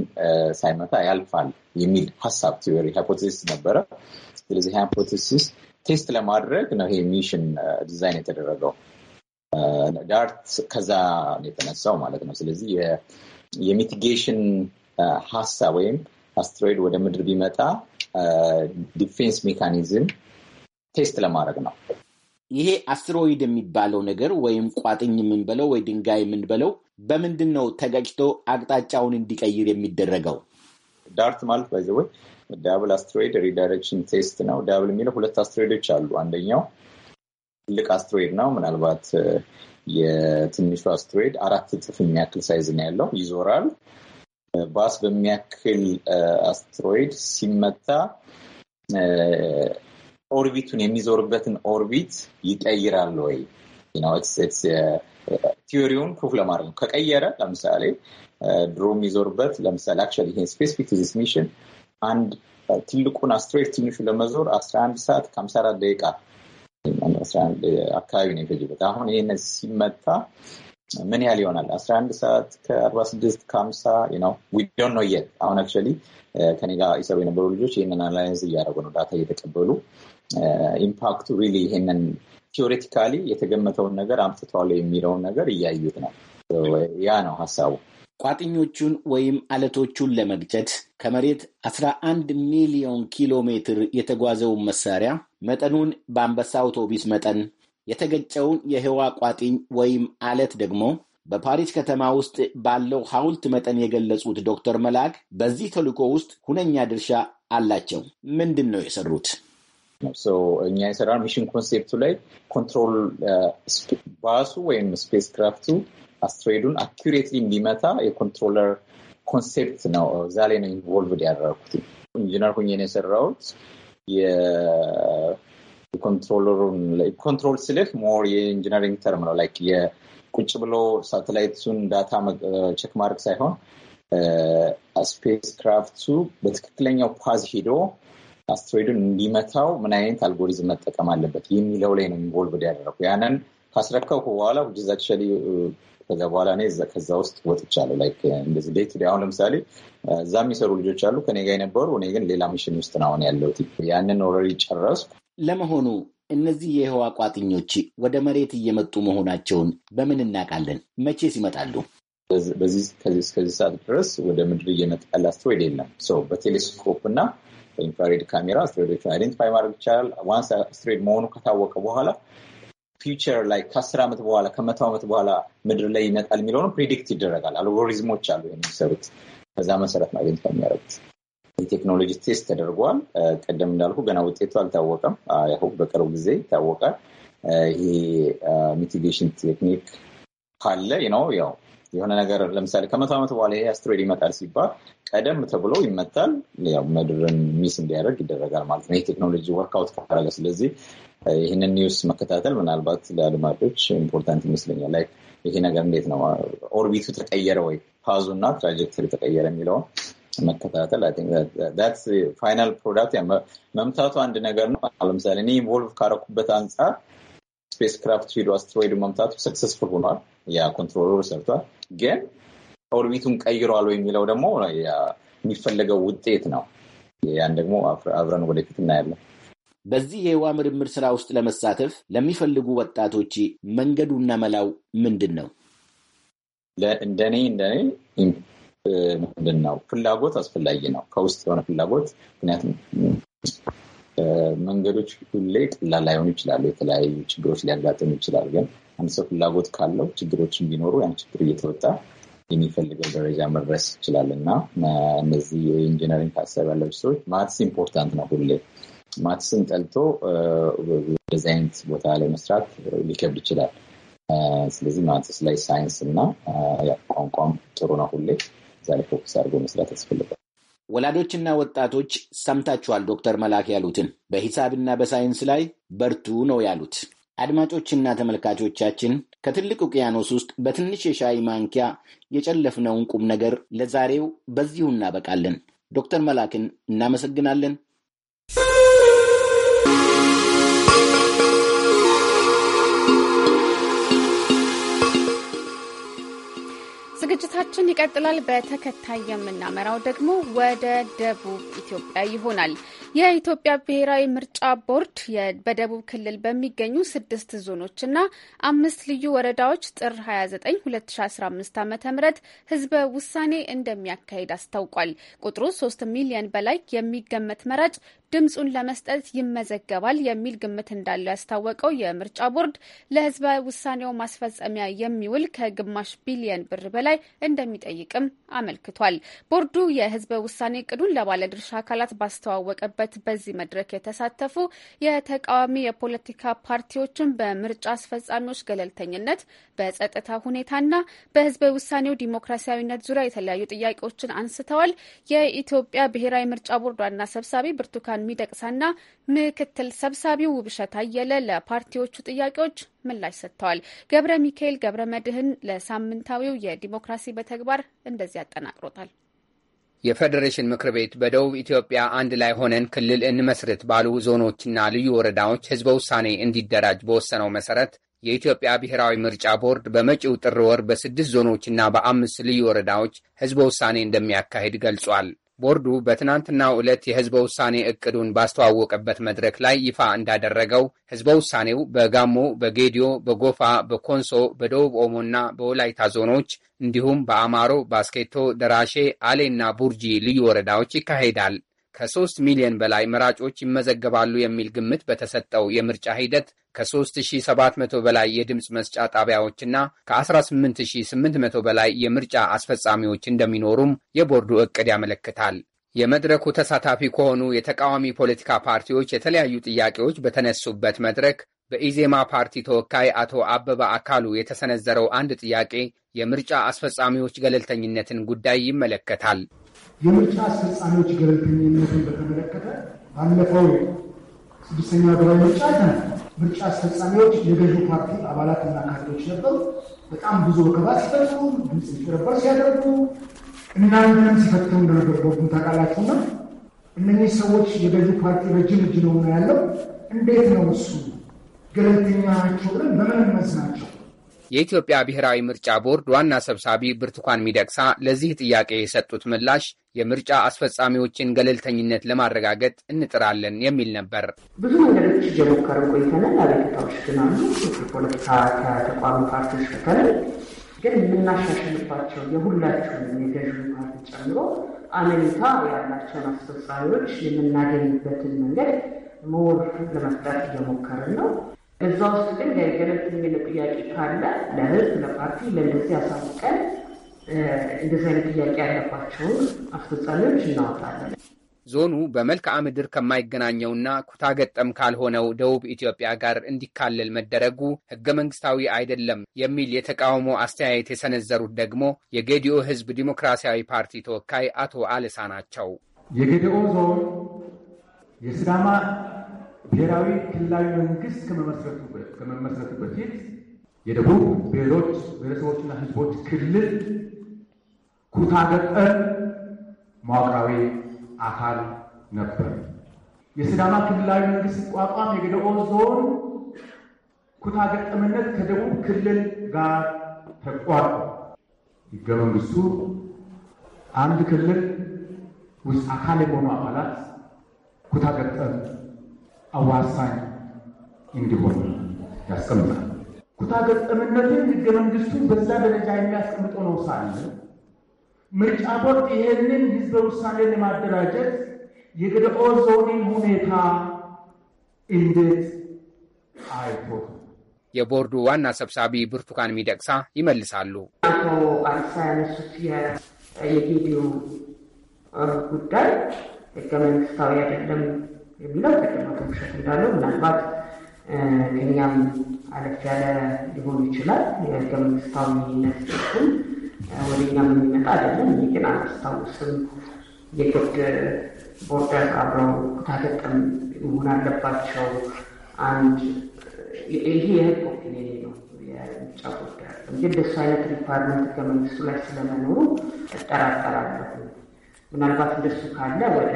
ሳይመታ ያልፋል የሚል ሀሳብ ቲዮሪ ሃይፖቴሲስ ነበረ። ስለዚህ ሃይፖቴሲስ ቴስት ለማድረግ ነው ይሄ ሚሽን ዲዛይን የተደረገው ዳርት ከዛ የተነሳው ማለት ነው። ስለዚህ የሚቲጌሽን ሀሳብ ወይም አስትሮይድ ወደ ምድር ቢመጣ ዲፌንስ ሜካኒዝም ቴስት ለማድረግ ነው። ይሄ አስትሮይድ የሚባለው ነገር ወይም ቋጥኝ
የምንበለው ወይ ድንጋይ የምንበለው በምንድን ነው ተጋጭቶ አቅጣጫውን እንዲቀይር የሚደረገው?
ዳርት ማለት ባይዘወይ ዳብል አስትሮይድ ሪዳይሬክሽን ቴስት ነው። ዳብል የሚለው ሁለት አስትሮይዶች አሉ። አንደኛው ትልቅ አስትሮይድ ነው። ምናልባት የትንሹ አስትሮይድ አራት እጥፍ የሚያክል ሳይዝ ነው ያለው። ይዞራል። ባስ በሚያክል አስትሮይድ ሲመታ ኦርቢቱን የሚዞርበትን ኦርቢት ይቀይራል ወይ ቲዮሪውን ፕሩፍ ለማድረግ ነው። ከቀየረ ለምሳሌ ድሮ የሚዞርበት ለምሳሌ አክቹዋሊ ይሄ ስፔሲፊክ ዚስ ሚሽን አንድ ትልቁን አስትሮይድ ትንሹ ለመዞር 11 ሰዓት ከ54 ደቂቃ አካባቢ ነው የፈጅበት። አሁን ይህ ሲመታ ምን ያህል ይሆናል? 11 ሰዓት ከ46 ከ ነው። ዊዶን ነው የት አሁን አክቹዋሊ ከኔ ጋር ይሰሩ የነበሩ ልጆች ይህንን አናላይዝ እያደረጉ ነው፣ ዳታ እየተቀበሉ ኢምፓክቱ ሪሊ ይሄንን ቲዎሬቲካሊ የተገመተውን ነገር አምጥተዋል የሚለውን ነገር እያዩት ነው። ያ ነው ሀሳቡ። ቋጥኞቹን ወይም አለቶቹን
ለመግጨት ከመሬት 11 ሚሊዮን ኪሎ ሜትር የተጓዘውን መሳሪያ መጠኑን በአንበሳ አውቶቢስ መጠን የተገጨውን የህዋ ቋጥኝ ወይም አለት ደግሞ በፓሪስ ከተማ ውስጥ ባለው ሐውልት መጠን የገለጹት ዶክተር መልአክ በዚህ ተልኮ ውስጥ ሁነኛ ድርሻ አላቸው። ምንድን ነው የሰሩት?
ነው። እኛ የሰራ ሚሽን ኮንሴፕቱ ላይ ኮንትሮል ባሱ ወይም ስፔስ ክራፍቱ አስትሮይዱን አኪሬትሊ እንዲመታ የኮንትሮለር ኮንሴፕት ነው። እዛ ላይ ነው ኢንቮልቭድ ያደረኩት። ኢንጂነር ሁኜ ነው የሰራሁት። የኮንትሮለሩን ኮንትሮል ስልህ ሞር የኢንጂነሪንግ ተርም ነው ላይክ የቁጭ ብሎ ሳተላይቱን ዳታ ቼክ ማድረግ ሳይሆን ስፔስ ክራፍቱ በትክክለኛው ፓዝ ሂዶ አስትሮይድን እንዲመታው ምን አይነት አልጎሪዝም መጠቀም አለበት የሚለው ላይ ነው ኢንቮልቭድ ያደረኩ። ያንን ካስረከብኩ በኋላ ዛክሸሊ uh, ከዛ በኋላ እኔ ከዛ ውስጥ ወጥቻለሁ። ላይክ uh, እንደዚህ ዴይ ቱ ዴይ አሁን ለምሳሌ uh, እዛ የሚሰሩ ልጆች አሉ ከኔ ጋር የነበሩ፣ እኔ ግን ሌላ ሚሽን ውስጥ ነው አሁን ያለሁት። ያንን ኦልሬዲ ጨረስኩ። ለመሆኑ እነዚህ የህዋ ቋጥኞች ወደ መሬት እየመጡ መሆናቸውን በምን እናውቃለን? መቼ ሲመጣሉ? በዚህ ከዚህ እስከዚህ ሰዓት ድረስ ወደ ምድር እየመጣ ያለ አስትሮይድ የለም። በቴሌስኮፕ እና ኢንፍራሬድ ካሜራ ስትሬዶችን አይደንቲፋይ ማድረግ ይቻላል። ዋንስ ስትሬድ መሆኑ ከታወቀ በኋላ ፊውቸር ላይ ከአስር ዓመት በኋላ ከመቶ ዓመት በኋላ ምድር ላይ ይመጣል የሚለውን ፕሪዲክት ይደረጋል። አልጎሪዝሞች አሉ የሚሰሩት ከዛ መሰረት ነው አይደንቲፋይ የሚያደርጉት። የቴክኖሎጂ ቴስት ተደርጓል። ቀደም እንዳልኩ ገና ውጤቱ አልታወቀም። ያው በቅርቡ ጊዜ ይታወቃል። ይሄ ሚቲጌሽን ቴክኒክ ካለ ነው ያው የሆነ ነገር ለምሳሌ ከመቶ ዓመት በኋላ ይሄ አስትሮይድ ይመጣል ሲባል ቀደም ተብሎ ይመታል። ያው ምድርን ሚስ እንዲያደርግ ይደረጋል ማለት ነው። ይህ ቴክኖሎጂ ወርክአውት ካረገ ስለዚህ ይህንን ኒውስ መከታተል ምናልባት ለአድማጮች ኢምፖርታንት ይመስለኛል። ላይ ይሄ ነገር እንዴት ነው ኦርቢቱ ተቀየረ ወይ ፓዙ እና ትራጀክተሪ ተቀየረ የሚለውን መከታተል ፋይናል ፕሮዳክት መምታቱ አንድ ነገር ነው። ለምሳሌ እኔ ኢንቮልቭ ካረኩበት አንጻር ስፔስ ክራፍት ሂዶ አስትሮይድ መምታቱ ሰክሰስፉል ሆኗል። የኮንትሮለሩ ሰርቷል። ግን ኦርቢቱን ቀይሯል የሚለው ደግሞ የሚፈለገው ውጤት ነው። ያን ደግሞ አብረን ወደፊት እናያለን።
በዚህ የህዋ ምርምር ስራ ውስጥ ለመሳተፍ ለሚፈልጉ ወጣቶች መንገዱና መላው
ምንድን ነው? እንደኔ እንደኔ ምንድን ነው ፍላጎት አስፈላጊ ነው። ከውስጥ የሆነ ፍላጎት ምክንያቱም መንገዶች ሁሌ ቀላል ላይሆኑ ይችላሉ። የተለያዩ ችግሮች ሊያጋጥም ይችላል። ግን አንድ ሰው ፍላጎት ካለው ችግሮች ቢኖሩ ያን ችግር እየተወጣ የሚፈልገው ደረጃ መድረስ ይችላል እና እነዚህ የኢንጂነሪንግ ሀሳብ ያላቸው ሰዎች ማትስ ኢምፖርታንት ነው። ሁሌ ማትስን ጠልቶ እንደዚህ አይነት ቦታ ላይ መስራት ሊከብድ ይችላል። ስለዚህ ማትስ ላይ ሳይንስ እና ቋንቋም ጥሩ ነው። ሁሌ እዛ ላይ ፎክስ አድርጎ መስራት ያስፈልጋል።
ወላጆችና ወጣቶች ሰምታችኋል ዶክተር መላክ ያሉትን በሂሳብና በሳይንስ ላይ በርቱ ነው ያሉት። አድማጮችና ተመልካቾቻችን ከትልቅ ውቅያኖስ ውስጥ በትንሽ የሻይ ማንኪያ የጨለፍነውን ቁም ነገር ለዛሬው በዚሁ እናበቃለን። ዶክተር መላክን እናመሰግናለን።
ዝግጅታችን ይቀጥላል። በተከታይ የምናመራው ደግሞ ወደ ደቡብ ኢትዮጵያ ይሆናል። የኢትዮጵያ ብሔራዊ ምርጫ ቦርድ በደቡብ ክልል በሚገኙ ስድስት ዞኖች ና አምስት ልዩ ወረዳዎች ጥር 29 2015 ዓ ም ህዝበ ውሳኔ እንደሚያካሂድ አስታውቋል። ቁጥሩ ሶስት ሚሊዮን በላይ የሚገመት መራጭ ድምፁን ለመስጠት ይመዘገባል የሚል ግምት እንዳለው ያስታወቀው የምርጫ ቦርድ ለህዝበ ውሳኔው ማስፈጸሚያ የሚውል ከግማሽ ቢሊየን ብር በላይ እንደሚጠይቅም አመልክቷል። ቦርዱ የህዝበ ውሳኔ እቅዱን ለባለድርሻ አካላት ባስተዋወቀበት በተገኙበት በዚህ መድረክ የተሳተፉ የተቃዋሚ የፖለቲካ ፓርቲዎችን በምርጫ አስፈጻሚዎች ገለልተኝነት፣ በጸጥታ ሁኔታና በህዝበ ውሳኔው ዲሞክራሲያዊነት ዙሪያ የተለያዩ ጥያቄዎችን አንስተዋል። የኢትዮጵያ ብሔራዊ ምርጫ ቦርድ ዋና ሰብሳቢ ብርቱካን ሚደቅሳና ምክትል ሰብሳቢው ውብሸት አየለ ለፓርቲዎቹ ጥያቄዎች ምላሽ ሰጥተዋል። ገብረ ሚካኤል ገብረ መድህን ለሳምንታዊው የዲሞክራሲ በተግባር እንደዚህ አጠናቅሮታል።
የፌዴሬሽን ምክር ቤት በደቡብ ኢትዮጵያ አንድ ላይ ሆነን ክልል እንመስርት ባሉ ዞኖችና ልዩ ወረዳዎች ህዝበ ውሳኔ እንዲደራጅ በወሰነው መሰረት የኢትዮጵያ ብሔራዊ ምርጫ ቦርድ በመጪው ጥር ወር በስድስት ዞኖችና በአምስት ልዩ ወረዳዎች ህዝበ ውሳኔ እንደሚያካሂድ ገልጿል። ቦርዱ በትናንትናው ዕለት የሕዝበ ውሳኔ እቅዱን ባስተዋወቀበት መድረክ ላይ ይፋ እንዳደረገው ህዝበ ውሳኔው በጋሞ፣ በጌዲዮ፣ በጎፋ፣ በኮንሶ፣ በደቡብ ኦሞና በወላይታ ዞኖች እንዲሁም በአማሮ፣ ባስኬቶ፣ ደራሼ፣ አሌና ቡርጂ ልዩ ወረዳዎች ይካሄዳል። ከ3 ሚሊዮን በላይ መራጮች ይመዘገባሉ የሚል ግምት በተሰጠው የምርጫ ሂደት ከ3700 በላይ የድምፅ መስጫ ጣቢያዎችና ከ18800 በላይ የምርጫ አስፈጻሚዎች እንደሚኖሩም የቦርዱ ዕቅድ ያመለክታል። የመድረኩ ተሳታፊ ከሆኑ የተቃዋሚ ፖለቲካ ፓርቲዎች የተለያዩ ጥያቄዎች በተነሱበት መድረክ በኢዜማ ፓርቲ ተወካይ አቶ አበባ አካሉ የተሰነዘረው አንድ ጥያቄ የምርጫ አስፈጻሚዎች ገለልተኝነትን ጉዳይ ይመለከታል።
የምርጫ አስፈጻሚዎች ገለልተኝነትን በተመለከተ ባለፈው ስድስተኛ ሀገራዊ ምርጫ አይተናል። ምርጫ አስፈጻሚዎች የገዢው ፓርቲ አባላትና ካድሬዎች ነበሩ። በጣም ብዙ ወከባ ሲፈጽሙ፣ ድምፅ እንዲጭበረበር ሲያደርጉ፣ እናንተንም ሲፈትኑ እንደነበር
በቡን ታውቃላችሁና እነኚህ ሰዎች የገዥ ፓርቲ ረጅም እጅ ነው ያለው። እንዴት ነው እሱ ገለልተኛ ናቸው ብለን በምን መዝናቸው? የኢትዮጵያ ብሔራዊ ምርጫ ቦርድ ዋና ሰብሳቢ ብርቱካን ሚደቅሳ ለዚህ ጥያቄ የሰጡት ምላሽ የምርጫ አስፈጻሚዎችን ገለልተኝነት ለማረጋገጥ እንጥራለን የሚል ነበር።
ብዙ መንገዶች እየሞከርን ቆይተናል። አቤቱታዎች ግን አሉ። ፓርቲዎች ከተለ ግን የምናሻሽልባቸው የሁላችሁም የገዥ ፓርቲ ጨምሮ አመኔታ ያላቸውን አስፈጻሚዎች የምናገኝበትን መንገድ መወር ለመፍጠር እየሞከርን ነው። እዛ ውስጥ ግን ገለልተኝነት የሚለው ጥያቄ ካለ ለህዝብ፣ ለፓርቲ፣ ለእንደዚህ አሳውቀን እንደዚህ አይነት ጥያቄ ያለባቸውን አስፈጻሚዎች እናወጣለን።
ዞኑ በመልክዓ ምድር ከማይገናኘውና ኩታ ገጠም ካልሆነው ደቡብ ኢትዮጵያ ጋር እንዲካለል መደረጉ ህገ መንግስታዊ አይደለም የሚል የተቃውሞ አስተያየት የሰነዘሩት ደግሞ የጌዲኦ ህዝብ ዲሞክራሲያዊ ፓርቲ ተወካይ አቶ አልሳ ናቸው። የጌዲኦ
ዞን የስዳማ ብሔራዊ ክልላዊ መንግስት
ከመመስረቱ በፊት
የደቡብ ብሔሮች
ብሔረሰቦችና ህዝቦች ክልል ኩታ ገጠር
መዋቅራዊ አካል ነበር።
የስዳማ
ክልላዊ መንግስት ሲቋቋም የገደኦ
ዞን ኩታ ገጠምነት ከደቡብ ክልል ጋር ተቋርጦ ህገ መንግስቱ አንድ ክልል
ውስጥ አካል የሆኑ አባላት ኩታገጠም አዋሳኝ
እንዲሆን ያስቀምጣል።
ኩታገጠምነትን
ህገ መንግስቱ
በዛ ደረጃ የሚያስቀምጠው ነው ሳለ ምርጫ ቦርድ ይሄንን ህዝበ
ውሳኔ ለማደራጀት የገደኦ ዞኒን ሁኔታ እንዴት
አይቶት? የቦርዱ ዋና ሰብሳቢ ብርቱካን ሚደቅሳ ይመልሳሉ።
አቶ አርሳ ያነሱት የጌዲዮ ጉዳይ ህገ መንግስታዊ አይደለም የሚለው ተቀማጥም ውሸት እንዳለው ምናልባት ከኛም አለፍ ያለ ሊሆን ይችላል። የህገ መንግስታዊነት ስም ወደ እኛም የሚመጣ አይደለም። እኔ ግን አላስታውስም። የግድ ቦርደር አብረው ታገጠም መሆን አለባቸው። አንድ ይሄ የህግ ኦፒኒየን ነው። የምርጫ ቦርደር ግን በሱ አይነት ሪኳርመንት ህገ መንግስቱ ላይ ስለመኖሩ እጠራጠራለሁ። ምናልባት እንደሱ ካለ ወደ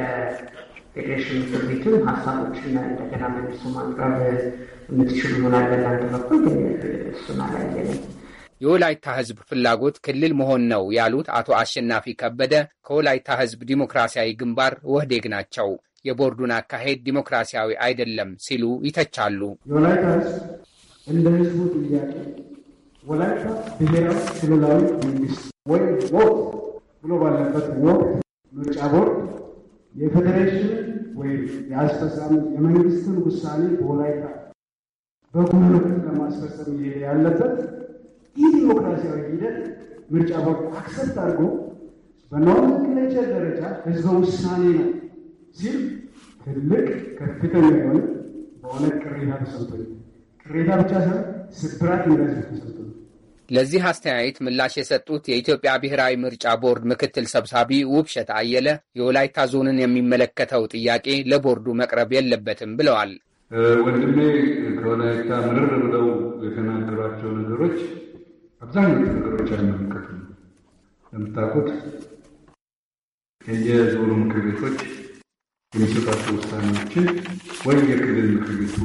ፌዴሬሽን ምክር ቤትም ሀሳቦችን እንደገና መልሶ ማቅረብ የምትችሉ ይሆናል። በእናንተ በኩል ግን እሱን አላየንም።
የወላይታ ሕዝብ ፍላጎት ክልል መሆን ነው ያሉት አቶ አሸናፊ ከበደ ከወላይታ ሕዝብ ዲሞክራሲያዊ ግንባር ወህዴግ ናቸው። የቦርዱን አካሄድ ዲሞክራሲያዊ አይደለም ሲሉ ይተቻሉ።
የወላይታ ሕዝብ እንደ ሕዝቡ ጥያቄ ወላይታ ብሔራዊ ክልላዊ መንግስት ወይም ቦርድ ብሎ ባለበት ወቅት ምርጫ ቦርድ የፌዴሬሽንን ወይም የአስፈጻሚ የመንግስትን ውሳኔ በወላይታ በጉልበት ለማስፈጸም እየሄደ ያለበት ይህ ዲሞክራሲያዊ ሂደት ምርጫ ቦርድ አክሰፕት አድርጎ በኖንክሌቸር ደረጃ ህዝበ ውሳኔ ነው ሲል ትልቅ ከፍተኛ የሆነ በእውነት ቅሬታ ተሰምቶኝ ቅሬታ ብቻ ሳይሆን ስብራት እንደዚህ ተሰምቶ
ለዚህ አስተያየት ምላሽ የሰጡት የኢትዮጵያ ብሔራዊ ምርጫ ቦርድ ምክትል ሰብሳቢ ውብሸት አየለ የወላይታ ዞንን የሚመለከተው ጥያቄ ለቦርዱ መቅረብ የለበትም ብለዋል።
ወንድሜ ከወላይታ ምርር ብለው የተናገሯቸው ነገሮች አብዛኞቹ ነገሮች አይመለከትም። እንደምታውቁት የየዞኑ ምክር ቤቶች የሚሰጣቸው ውሳኔዎችን ወይ የክልል ምክር ቤቱ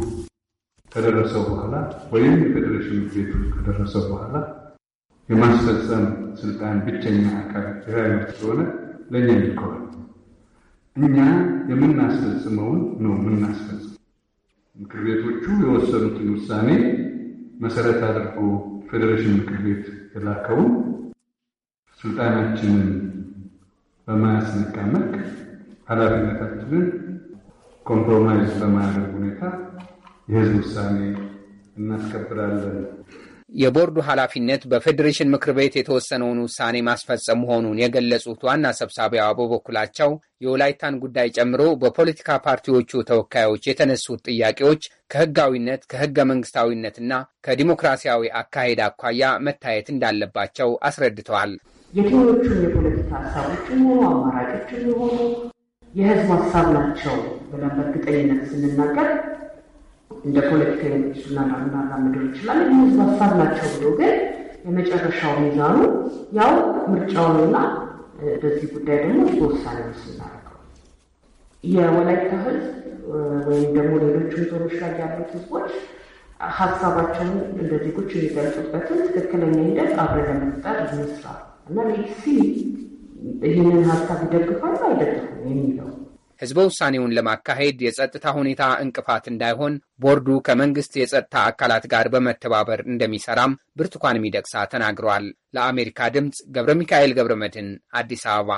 ከደረሰ በኋላ ወይም የፌዴሬሽን ቤቱ ከደረሰ በኋላ የማስፈጸም ስልጣን ብቸኛ አካል ብሔራዊ ስለሆነ ለእኛ ይልከዋል። እኛ የምናስፈጽመውን ነው የምናስፈጽመው ምክር ቤቶቹ የወሰኑትን ውሳኔ መሰረት አድርጎ ፌዴሬሽን ምክር ቤት የላከውን ስልጣናችንን በማያስነቃ
መልክ ኃላፊነታችንን ኮምፕሮማይዝ በማያደርግ ሁኔታ የህዝብ ውሳኔ እናስከብራለን። የቦርዱ ኃላፊነት በፌዴሬሽን ምክር ቤት የተወሰነውን ውሳኔ ማስፈጸም መሆኑን የገለጹት ዋና ሰብሳቢዋ በበኩላቸው የወላይታን ጉዳይ ጨምሮ በፖለቲካ ፓርቲዎቹ ተወካዮች የተነሱት ጥያቄዎች ከህጋዊነት ከህገ መንግስታዊነትና ከዲሞክራሲያዊ አካሄድ አኳያ መታየት እንዳለባቸው አስረድተዋል።
የትኞቹን የፖለቲካ ሀሳቦች የሆኑ አማራጮች የሆኑ የህዝብ ሀሳብ
ናቸው ብለን በእርግጠኝነት ስንናገር
እንደ ፖለቲከኛ ሱና ልናራምደው ይችላል። የህዝብ ሀሳብ ናቸው ብሎ ግን የመጨረሻው ሚዛኑ ያው ምርጫውንና በዚህ ጉዳይ ደግሞ በውሳኔ ስናደርገው የወላይታ ህዝብ ወይም ደግሞ ሌሎችም ዞኖች ላይ ያሉት ህዝቦች ሀሳባቸውን እንደ ዜጎች የሚገልጹበትን ትክክለኛ ሂደት አብረን ለመፍጠር እንስራ እና ሲ ይህንን ሀሳብ ይደግፋሉ
አይደግፉም የሚለው ህዝበ ውሳኔውን ለማካሄድ የጸጥታ ሁኔታ እንቅፋት እንዳይሆን ቦርዱ ከመንግስት የጸጥታ አካላት ጋር በመተባበር እንደሚሰራም ብርቱካን ሚደቅሳ ተናግረዋል። ለአሜሪካ ድምፅ ገብረ ሚካኤል ገብረ መድህን አዲስ አበባ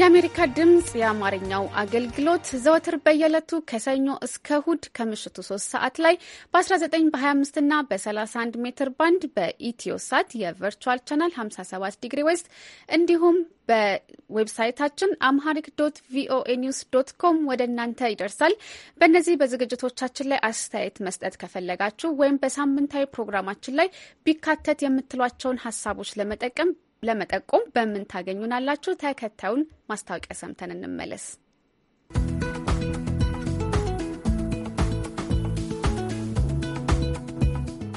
የአሜሪካ ድምፅ የአማርኛው አገልግሎት ዘወትር በየዕለቱ ከሰኞ እስከ እሁድ ከምሽቱ 3 ሰዓት ላይ በ19 በ25ና በ31 ሜትር ባንድ በኢትዮ ሳት የቨርቹዋል ቻናል 57 ዲግሪ ዌስት እንዲሁም በዌብሳይታችን አምሃሪክ ዶት ቪኦኤ ኒውስ ዶት ኮም ወደ እናንተ ይደርሳል። በእነዚህ በዝግጅቶቻችን ላይ አስተያየት መስጠት ከፈለጋችሁ ወይም በሳምንታዊ ፕሮግራማችን ላይ ቢካተት የምትሏቸውን ሀሳቦች ለመጠቀም ለመጠቆም በምን ታገኙናላችሁ? ተከታዩን ማስታወቂያ ሰምተን እንመለስ።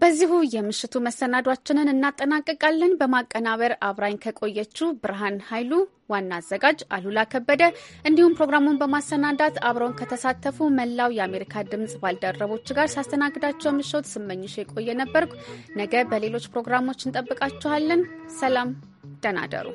በዚሁ የምሽቱ መሰናዷችንን እናጠናቅቃለን። በማቀናበር አብራኝ ከቆየችው ብርሃን ኃይሉ፣ ዋና አዘጋጅ አሉላ ከበደ እንዲሁም ፕሮግራሙን በማሰናዳት አብረውን ከተሳተፉ መላው የአሜሪካ ድምፅ ባልደረቦች ጋር ሳስተናግዳቸው ምሽት ስመኝሽ የቆየ ነበርኩ። ነገ በሌሎች ፕሮግራሞች እንጠብቃችኋለን። ሰላም፣ ደህና ደሩ።